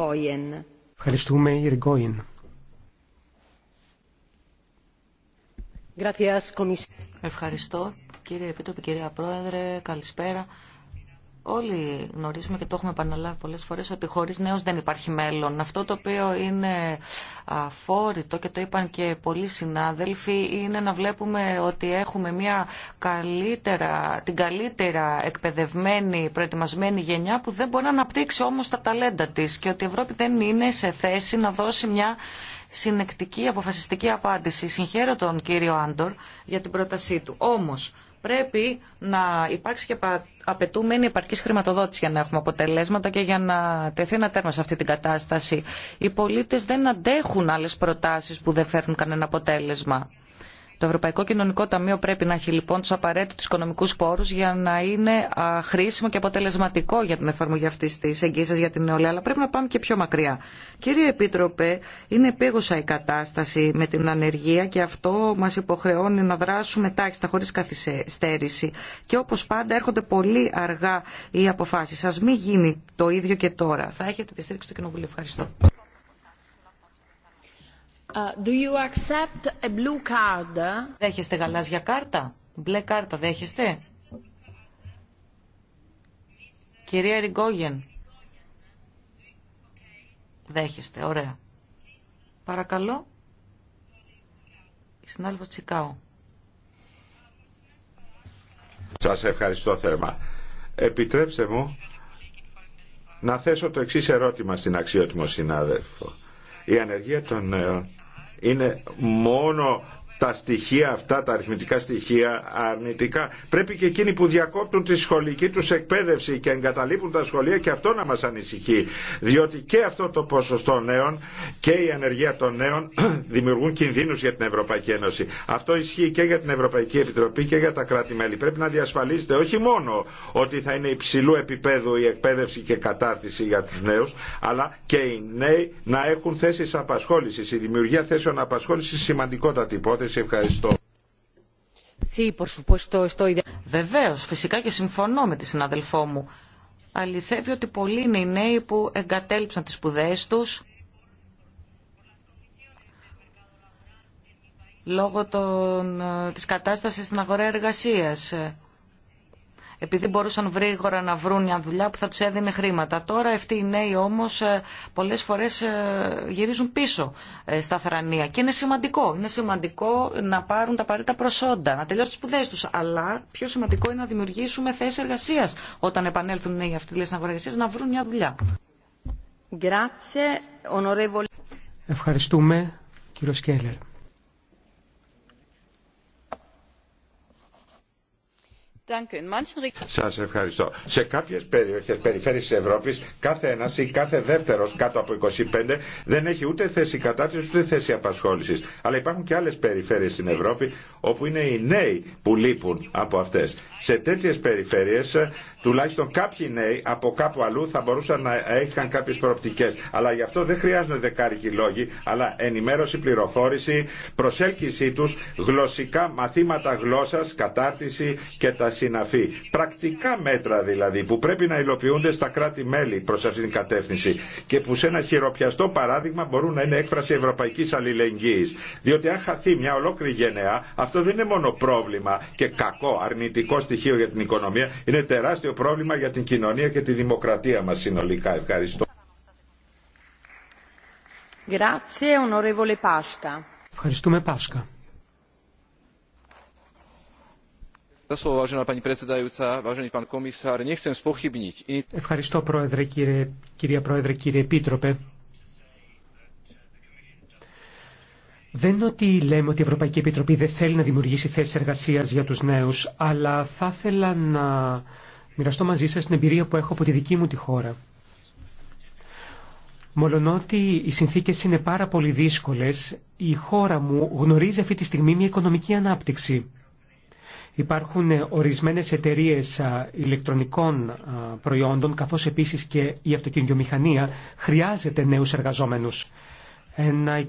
Ευχαριστούμε, Ιρικόιν. Ευχαριστώ, κύριε Επίτροπε, κυρία Πρόεδρε. Καλησπέρα. Όλοι γνωρίζουμε και το έχουμε επαναλάβει πολλές φορές ότι χωρίς νέους δεν υπάρχει μέλλον. Αυτό το οποίο είναι αφόρητο και το είπαν και πολλοί συνάδελφοι είναι να βλέπουμε ότι έχουμε μια καλύτερα, την καλύτερα εκπαιδευμένη, προετοιμασμένη γενιά που δεν μπορεί να αναπτύξει όμως τα ταλέντα της και ότι η Ευρώπη δεν είναι σε θέση να δώσει μια συνεκτική αποφασιστική απάντηση. Συγχαίρω τον κύριο Άντορ για την πρότασή του. Όμως, πρέπει να υπάρξει και απαιτούμενη επαρκή χρηματοδότηση για να έχουμε αποτελέσματα και για να τεθεί ένα τέρμα σε αυτή την κατάσταση. Οι πολίτε δεν αντέχουν άλλε προτάσει που δεν φέρνουν κανένα αποτέλεσμα. Το Ευρωπαϊκό Κοινωνικό Ταμείο πρέπει να έχει λοιπόν του απαραίτητου οικονομικού πόρου για να είναι χρήσιμο και αποτελεσματικό για την εφαρμογή αυτή τη εγγύηση για την νεολαία. Αλλά πρέπει να πάμε και πιο μακριά. Κύριε Επίτροπε, είναι επίγουσα η κατάσταση με την ανεργία και αυτό μα υποχρεώνει να δράσουμε τάχιστα χωρί καθυστέρηση. Και όπω πάντα έρχονται πολύ αργά οι αποφάσει. Α μην γίνει το ίδιο και τώρα. Θα έχετε τη στήριξη του Κοινοβουλίου. Ευχαριστώ do you accept blue card? Δέχεστε γαλάζια κάρτα, μπλε κάρτα δέχεστε. Κυρία Ριγκόγεν, δέχεστε, ωραία. Παρακαλώ, η συνάδελφος Τσικάου. Σας ευχαριστώ θερμά. Επιτρέψτε μου να θέσω το εξής ερώτημα στην αξιότιμο συνάδελφο. Η ανεργία των νέων είναι μόνο τα στοιχεία αυτά, τα αριθμητικά στοιχεία αρνητικά. Πρέπει και εκείνοι που διακόπτουν τη σχολική τους εκπαίδευση και εγκαταλείπουν τα σχολεία και αυτό να μας ανησυχεί. Διότι και αυτό το ποσοστό νέων και η ανεργία των νέων <clears throat> δημιουργούν κινδύνους για την Ευρωπαϊκή Ένωση. Αυτό ισχύει και για την Ευρωπαϊκή Επιτροπή και για τα κράτη-μέλη. Πρέπει να διασφαλίσετε όχι μόνο ότι θα είναι υψηλού επίπεδου η εκπαίδευση και κατάρτιση για τους νέους, αλλά και οι νέοι να έχουν θέσεις απασχόλησης. Η δημιουργία θέσεων απασχόλησης σημαντικότατη υπόθεση Ευχαριστώ. Βεβαίω, φυσικά και συμφωνώ με τη συναδελφό μου. Αληθεύει ότι πολλοί είναι οι νέοι που εγκατέλειψαν τις σπουδέ τους λόγω των, ε, της κατάστασης στην αγορά εργασίας επειδή μπορούσαν γρήγορα να βρουν μια δουλειά που θα του έδινε χρήματα. Τώρα αυτοί οι νέοι όμω ε, πολλές φορές ε, γυρίζουν πίσω ε, στα θρανία και είναι σημαντικό. Είναι σημαντικό να πάρουν τα παρέτα προσόντα, να τελειώσουν τι σπουδέ τους. Αλλά πιο σημαντικό είναι να δημιουργήσουμε θέσεις εργασία όταν επανέλθουν οι νέοι αυτοί δηλαδή, στην να βρουν μια δουλειά. Ευχαριστούμε κύριο Σκέλλερ. Σας ευχαριστώ. Σε κάποιες περιοχές, περιφέρειες της Ευρώπης κάθε ένας ή κάθε δεύτερος κάτω από 25 δεν έχει ούτε θέση κατάρτισης ούτε θέση απασχόλησης. Αλλά υπάρχουν και άλλες περιφέρειες στην Ευρώπη όπου είναι οι νέοι που λείπουν από αυτές. Σε τέτοιες περιφέρειες ε, τουλάχιστον κάποιοι νέοι από κάπου αλλού θα μπορούσαν να έχουν κάποιες προοπτικές. Αλλά γι' αυτό δεν χρειάζονται δεκάρικοι λόγοι, αλλά ενημέρωση, πληροφόρηση, προσέλκυσή τους, γλωσσικά μαθήματα γλώσσας, κατάρτιση και τα συναφή. Πρακτικά μέτρα δηλαδή που πρέπει να υλοποιούνται στα κράτη-μέλη προ αυτήν την κατεύθυνση και που σε ένα χειροπιαστό παράδειγμα μπορούν να είναι έκφραση ευρωπαϊκή αλληλεγγύη. Διότι αν χαθεί μια ολόκληρη γενεά, αυτό δεν είναι μόνο πρόβλημα και κακό, αρνητικό στοιχείο για την οικονομία, είναι τεράστιο πρόβλημα για την κοινωνία και τη δημοκρατία μα συνολικά. Ευχαριστώ. Ευχαριστούμε Πάσκα. Ευχαριστώ, πρόεδρε, κύριε, κυρία Πρόεδρε, κύριε Επίτροπε. Δεν ότι λέμε ότι η Ευρωπαϊκή Επιτροπή δεν θέλει να δημιουργήσει θέσεις εργασία για του νέου, αλλά θα ήθελα να μοιραστώ μαζί σα την εμπειρία που έχω από τη δική μου τη χώρα. Μολονότι οι συνθήκε είναι πάρα πολύ δύσκολε, η χώρα μου γνωρίζει αυτή τη στιγμή μια οικονομική ανάπτυξη. Υπάρχουν ε, ορισμένες εταιρείες ηλεκτρονικών προϊόντων, καθώς επίσης και η αυτοκινητομηχανία χρειάζεται νέους εργαζόμενους. Ένα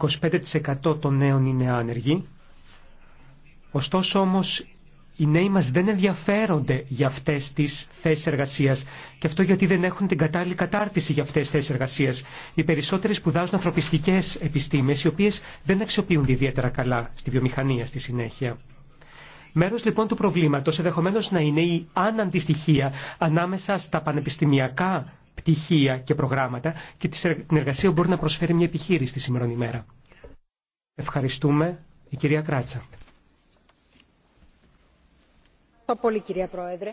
25% των νέων είναι άνεργοι. Ωστόσο όμως οι νέοι μας δεν ενδιαφέρονται για αυτές τις θέσεις εργασίας και αυτό γιατί δεν έχουν την κατάλληλη κατάρτιση για αυτές τις θέσεις εργασίας. Οι περισσότεροι σπουδάζουν ανθρωπιστικές επιστήμες οι οποίες δεν αξιοποιούνται ιδιαίτερα καλά στη βιομηχανία στη συνέχεια. Μέρο λοιπόν του προβλήματο ενδεχομένω να είναι η αναντιστοιχία ανάμεσα στα πανεπιστημιακά πτυχία και προγράμματα και την εργασία που μπορεί να προσφέρει μια επιχείρηση τη σημερινή ημέρα. Ευχαριστούμε. Η κυρία Κράτσα. Ευχαριστώ πολύ κυρία Πρόεδρε.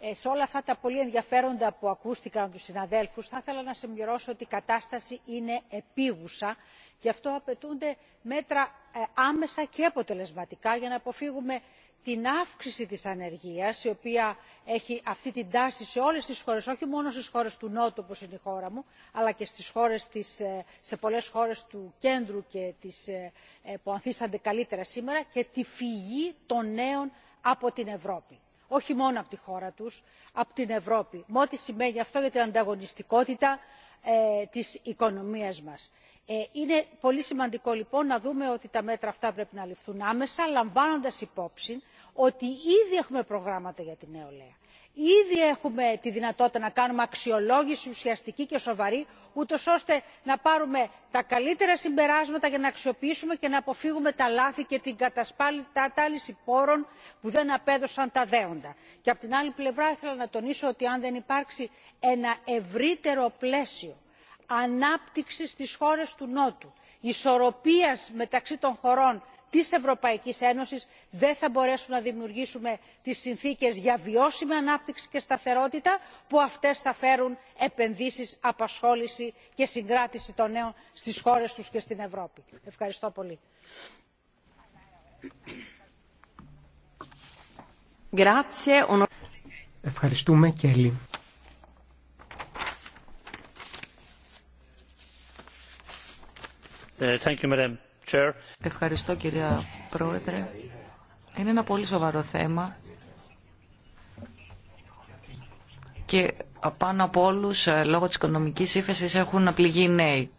Ε, σε όλα αυτά τα πολύ ενδιαφέροντα που ακούστηκαν από τους συναδέλφους θα ήθελα να συμπληρώσω ότι η κατάσταση είναι επίγουσα γι' αυτό απαιτούνται μέτρα ε, άμεσα και αποτελεσματικά για να αποφύγουμε την αύξηση της ανεργίας η οποία έχει αυτή την τάση σε όλες τις χώρες όχι μόνο στις χώρες του νότου όπως είναι η χώρα μου αλλά και ε, σε πολλές χώρες του κέντρου ε, ε, που ανθίστανται καλύτερα σήμερα και τη φυγή των νέων από την ευρώπη όχι μόνο από τη χώρα τους από την ευρώπη με ό,τι σημαίνει αυτό για την ανταγωνιστικότητα της οικονομίας μας. Ε, είναι πολύ σημαντικό λοιπόν να δούμε ότι τα μέτρα αυτά πρέπει να ληφθούν άμεσα λαμβάνοντας υπόψη ότι ήδη έχουμε προγράμματα για την νεολαία ήδη έχουμε τη δυνατότητα να κάνουμε αξιολόγηση ουσιαστική και σοβαρή ούτως ώστε να πάρουμε τα καλύτερα συμπεράσματα για να αξιοποιήσουμε και να αποφύγουμε τα λάθη και την κατασπάταληση πόρων που δεν απέδωσαν τα δέοντα. και από την άλλη πλευρά ήθελα να τονίσω ότι αν δεν υπάρξει ένα ευρύτερο πλαίσιο ανάπτυξης στις χώρες του νότου Η ισορροπία μεταξύ των χωρών της ευρωπαϊκής ένωσης δεν θα μπορέσουμε να δημιουργήσουμε τις συνθήκες για βιώσιμη ανάπτυξη και σταθερότητα που αυτές θα φέρουν επενδύσεις απασχόληση και συγκράτηση των νέων στις χώρες τους και στην ευρώπη. ευχαριστώ πολύ. Ευχαριστούμε, Κέλλη. Ε, Ευχαριστώ κυρία Πρόεδρε. Είναι ένα πολύ σοβαρό θέμα και πάνω από όλου, ε, λόγω της οικονομικής ύφεσης έχουν πληγεί νέοι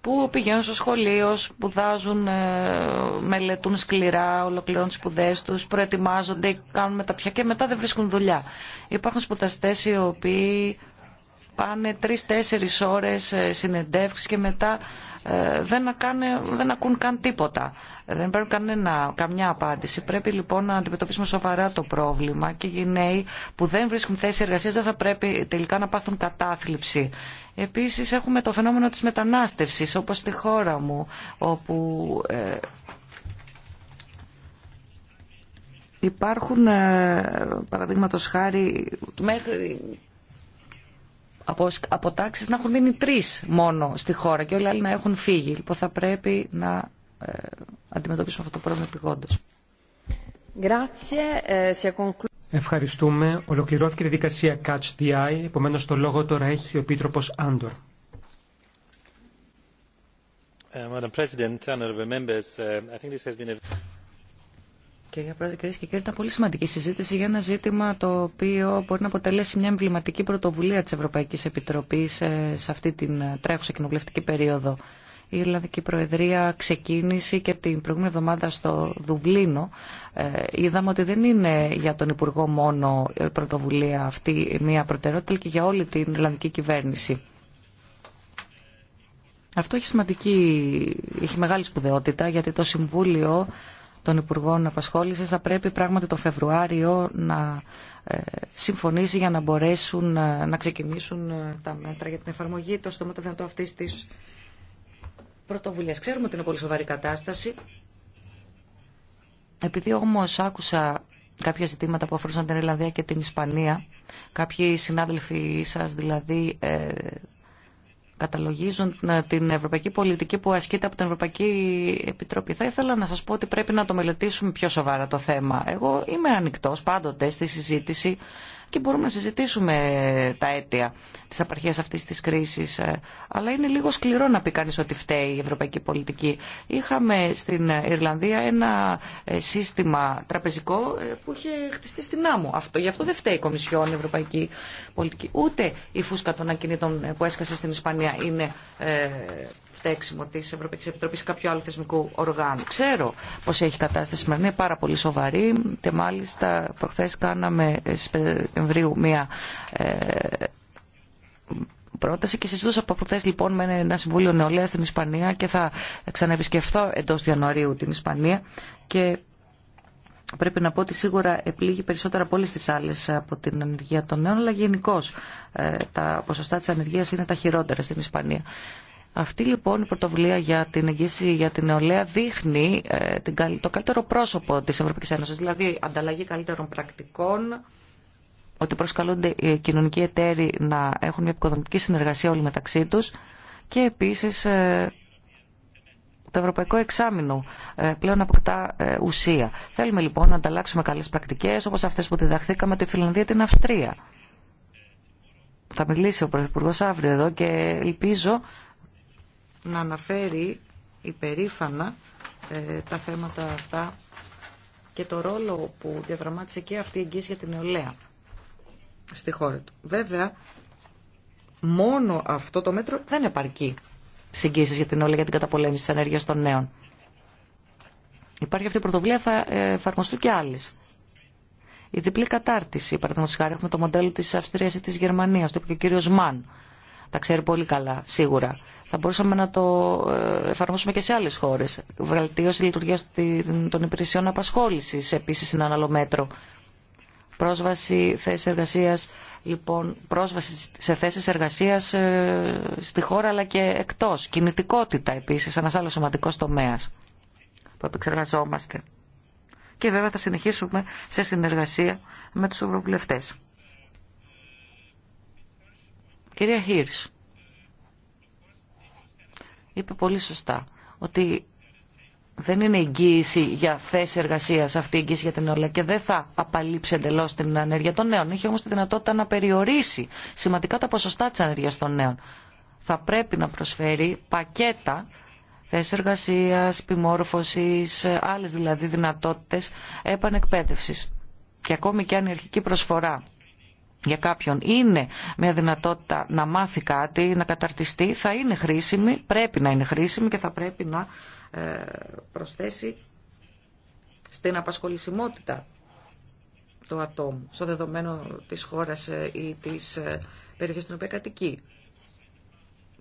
που πηγαίνουν στο σχολείο, σπουδάζουν, ε, μελετούν σκληρά, ολοκληρώνουν τις σπουδές τους, προετοιμάζονται, κάνουν μεταπτυχιακά και μετά δεν βρίσκουν δουλειά. Υπάρχουν σπουδαστές οι οποίοι πάνε τρεις-τέσσερις ώρες ε, συνεντεύξεις και μετά ε, δεν, κάνε, δεν ακούν καν τίποτα. Δεν παίρνουν κανένα, καμιά απάντηση. Πρέπει λοιπόν να αντιμετωπίσουμε σοβαρά το πρόβλημα και οι νέοι που δεν βρίσκουν θέση εργασία δεν θα πρέπει τελικά να πάθουν κατάθλιψη. Επίσης έχουμε το φαινόμενο της μετανάστευση, όπως στη χώρα μου όπου ε, υπάρχουν ε, χάρη μέχρι από, από να έχουν μείνει τρεις μόνο στη χώρα και όλοι οι άλλοι να έχουν φύγει. Λοιπόν, θα πρέπει να ε, αντιμετωπίσουμε αυτό το πρόβλημα επιγόντως. Ε, Ευχαριστούμε. Ολοκληρώθηκε η δικασία Catch the Eye. Επομένω, το λόγο τώρα έχει ο Επίτροπος Άντορ. Κυρία Πρόεδρε, κυρίε και κύριοι, ήταν πολύ σημαντική συζήτηση για ένα ζήτημα το οποίο μπορεί να αποτελέσει μια εμβληματική πρωτοβουλία τη Ευρωπαϊκή Επιτροπή ε, σε αυτή την ε, τρέχουσα κοινοβουλευτική περίοδο. Η Ιρλανδική Προεδρία ξεκίνησε και την προηγούμενη εβδομάδα στο Δουβλίνο. Ε, είδαμε ότι δεν είναι για τον Υπουργό μόνο πρωτοβουλία αυτή μια προτεραιότητα, αλλά και για όλη την Ιρλανδική κυβέρνηση. Αυτό έχει σημαντική, έχει μεγάλη σπουδαιότητα γιατί το Συμβούλιο των Υπουργών Απασχόλησης θα πρέπει πράγματι το Φεβρουάριο να ε, συμφωνήσει για να μπορέσουν ε, να ξεκινήσουν ε, τα μέτρα για την εφαρμογή το στο δυνατό αυτής της πρωτοβουλίας. Ξέρουμε ότι είναι πολύ σοβαρή κατάσταση. Επειδή όμως άκουσα κάποια ζητήματα που αφορούσαν την Ιρλανδία και την Ισπανία, κάποιοι συνάδελφοι σας δηλαδή καταλογίζουν ε, την ευρωπαϊκή πολιτική που ασκείται από την Ευρωπαϊκή Επιτροπή. Θα ήθελα να σας πω ότι πρέπει να το μελετήσουμε πιο σοβαρά το θέμα. Εγώ είμαι ανοιχτό πάντοτε στη συζήτηση και μπορούμε να συζητήσουμε τα αίτια της απαρχίας αυτής της κρίσης. Ε, αλλά είναι λίγο σκληρό να πει κανείς ότι φταίει η ευρωπαϊκή πολιτική. Είχαμε στην Ιρλανδία ένα ε, σύστημα τραπεζικό ε, που είχε χτιστεί στην άμμο. Αυτό, γι' αυτό δεν φταίει η Κομισιόν, η Ευρωπαϊκή Πολιτική. Ούτε η φούσκα των ακινήτων που έσκασε στην Ισπανία είναι στέξιμο τη Ευρωπαϊκή Επιτροπή ή κάποιου άλλου θεσμικού οργάνου. Ξέρω πώ έχει κατάσταση σήμερα, είναι πάρα πολύ σοβαρή και μάλιστα προχθέ κάναμε Σεπτεμβρίου μία ε, πρόταση και συζητούσα από χθε λοιπόν με ένα συμβούλιο νεολαία στην Ισπανία και θα ξαναεπισκεφθώ εντό του Ιανουαρίου την Ισπανία και πρέπει να πω ότι σίγουρα επλήγει περισσότερα από όλε τι άλλε από την ανεργία των νέων, αλλά γενικώ ε, τα ποσοστά τη ανεργία είναι τα χειρότερα στην Ισπανία. Αυτή λοιπόν η πρωτοβουλία για την εγγύηση για την νεολαία δείχνει ε, το καλύτερο πρόσωπο της Ευρωπαϊκής Ένωσης, δηλαδή ανταλλαγή καλύτερων πρακτικών, ότι προσκαλούνται οι κοινωνικοί εταίροι να έχουν μια οικοδομική συνεργασία όλοι μεταξύ τους και επίσης ε, το Ευρωπαϊκό Εξάμεινο ε, πλέον αποκτά ουσία. Θέλουμε λοιπόν να ανταλλάξουμε καλές πρακτικές όπως αυτές που διδαχθήκαμε τη Φιλανδία την Αυστρία. Θα μιλήσει ο Πρωθυπουργό αύριο εδώ και ελπίζω να αναφέρει υπερήφανα ε, τα θέματα αυτά και το ρόλο που διαδραμάτισε και αυτή η εγγύηση για την νεολαία στη χώρα του. Βέβαια, μόνο αυτό το μέτρο δεν επαρκεί σε εγγύησεις για την νεολαία για την καταπολέμηση της ενέργειας των νέων. Υπάρχει αυτή η πρωτοβουλία, θα εφαρμοστούν και άλλε. Η διπλή κατάρτιση, παραδείγματο χάρη, έχουμε το μοντέλο τη Αυστρία ή τη Γερμανία, το είπε και ο κύριο Μαν. Τα ξέρει πολύ καλά, σίγουρα. Θα μπορούσαμε να το ε, εφαρμόσουμε και σε άλλε χώρε. Βελτίωση λειτουργία των υπηρεσιών απασχόληση επίση είναι ένα μέτρο. Πρόσβαση εργασίας, λοιπόν, πρόσβαση σε θέσεις εργασίας ε, στη χώρα αλλά και εκτός. Κινητικότητα επίσης, ένα άλλο σημαντικό τομέα που επεξεργαζόμαστε. Και βέβαια θα συνεχίσουμε σε συνεργασία με τους ευρωβουλευτές. Κυρία Χίρς, είπε πολύ σωστά ότι δεν είναι εγγύηση για θέση εργασία αυτή η εγγύηση για την όλα και δεν θα απαλείψει εντελώ την ανέργεια των νέων. Έχει όμω τη δυνατότητα να περιορίσει σημαντικά τα ποσοστά τη ανέργεια των νέων. Θα πρέπει να προσφέρει πακέτα θέση εργασία, επιμόρφωση, άλλε δηλαδή δυνατότητε επανεκπαίδευση. Και ακόμη και αν η αρχική προσφορά για κάποιον είναι μια δυνατότητα να μάθει κάτι, να καταρτιστεί, θα είναι χρήσιμη, πρέπει να είναι χρήσιμη και θα πρέπει να ε, προσθέσει στην απασχολησιμότητα του ατόμου, στο δεδομένο της χώρας ε, ή της ε, περιοχής στην οποία κατοικεί.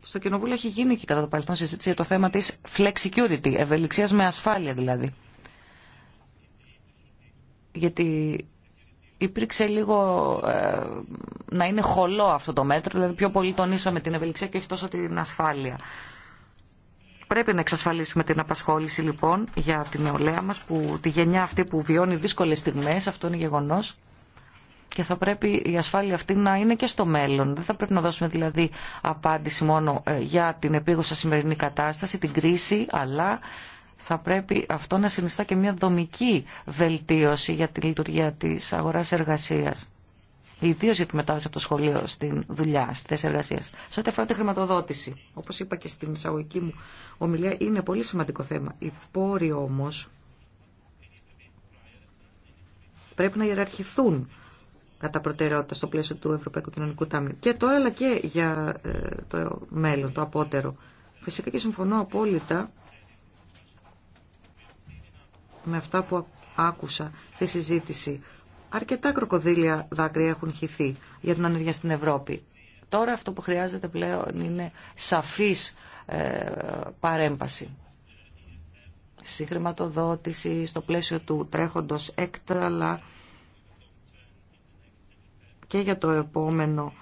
Στο Κοινοβούλιο έχει γίνει και κατά το παρελθόν συζήτηση για το θέμα της flexicurity, ευελιξίας με ασφάλεια δηλαδή. Γιατί υπήρξε λίγο ε, να είναι χολό αυτό το μέτρο, δηλαδή πιο πολύ τονίσαμε την ευελιξία και όχι τόσο την ασφάλεια. Πρέπει να εξασφαλίσουμε την απασχόληση λοιπόν για την νεολαία μας, που, τη γενιά αυτή που βιώνει δύσκολες στιγμές, αυτό είναι γεγονός. Και θα πρέπει η ασφάλεια αυτή να είναι και στο μέλλον. Δεν θα πρέπει να δώσουμε δηλαδή απάντηση μόνο ε, για την επίγουσα σημερινή κατάσταση, την κρίση, αλλά θα πρέπει αυτό να συνιστά και μια δομική βελτίωση για τη λειτουργία της αγοράς εργασίας. Ιδίω για τη μετάβαση από το σχολείο στην δουλειά, στη θέση εργασία. Σε ό,τι αφορά τη χρηματοδότηση, όπω είπα και στην εισαγωγική μου ομιλία, είναι πολύ σημαντικό θέμα. Οι πόροι όμω πρέπει να ιεραρχηθούν κατά προτεραιότητα στο πλαίσιο του Ευρωπαϊκού Κοινωνικού Ταμείου. Και τώρα, αλλά και για ε, το μέλλον, το απότερο. Φυσικά και συμφωνώ απόλυτα με αυτά που άκουσα στη συζήτηση. Αρκετά κροκοδίλια δάκρυα έχουν χυθεί για την ανεργία στην Ευρώπη. Τώρα αυτό που χρειάζεται πλέον είναι σαφής ε, παρέμβαση. χρηματοδότηση, στο πλαίσιο του τρέχοντος έκτα, αλλά και για το επόμενο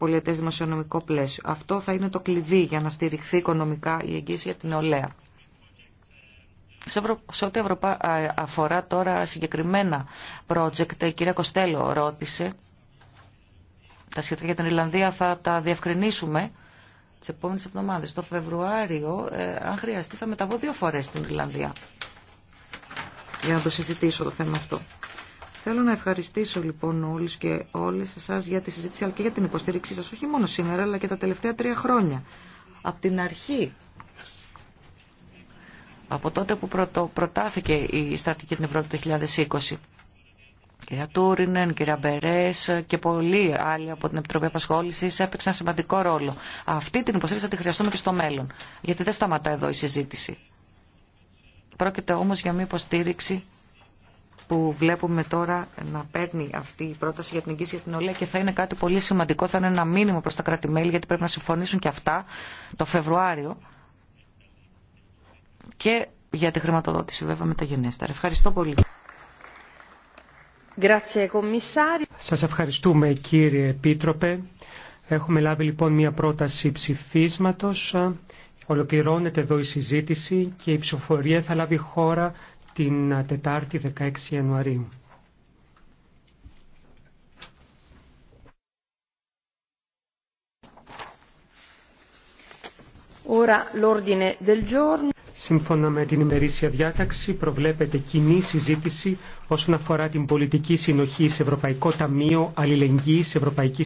ε, δημοσιονομικό πλαίσιο. Αυτό θα είναι το κλειδί για να στηριχθεί οικονομικά η εγγύηση για την νεολαία. Σε ό,τι αφορά τώρα συγκεκριμένα project, η κυρία Κοστέλο ρώτησε, τα σχετικά για την Ιρλανδία θα τα διευκρινίσουμε τι επόμενε εβδομάδε. Το Φεβρουάριο, ε, αν χρειαστεί, θα μεταβώ δύο φορέ στην Ιρλανδία για να το συζητήσω το θέμα αυτό. Θέλω να ευχαριστήσω λοιπόν όλου και όλε εσά για τη συζήτηση αλλά και για την υποστήριξή σα, όχι μόνο σήμερα αλλά και τα τελευταία τρία χρόνια. Από την αρχή από τότε που προτάθηκε η στρατηγική την Ευρώπη το 2020. Κυρία Τούρινεν, κυρία Μπερέ και πολλοί άλλοι από την Επιτροπή Απασχόληση έπαιξαν σημαντικό ρόλο. Αυτή την υποστήριξη θα τη χρειαστούμε και στο μέλλον. Γιατί δεν σταματά εδώ η συζήτηση. Πρόκειται όμω για μια υποστήριξη που βλέπουμε τώρα να παίρνει αυτή η πρόταση για την εγγύηση για την ολία και θα είναι κάτι πολύ σημαντικό. Θα είναι ένα μήνυμα προς τα κράτη-μέλη γιατί πρέπει να συμφωνήσουν και αυτά το Φεβρουάριο και για τη χρηματοδότηση βέβαια μεταγενέστερα. Ευχαριστώ πολύ. Σας ευχαριστούμε κύριε Επίτροπε. Έχουμε λάβει λοιπόν μια πρόταση ψηφίσματος. Ολοκληρώνεται εδώ η συζήτηση και η ψηφοφορία θα λάβει χώρα την Τετάρτη 16 Ιανουαρίου. Σύμφωνα με την ημερήσια διάταξη προβλέπεται κοινή συζήτηση όσον αφορά την πολιτική συνοχή σε Ευρωπαϊκό Ταμείο Αλληλεγγύης Ευρωπαϊκής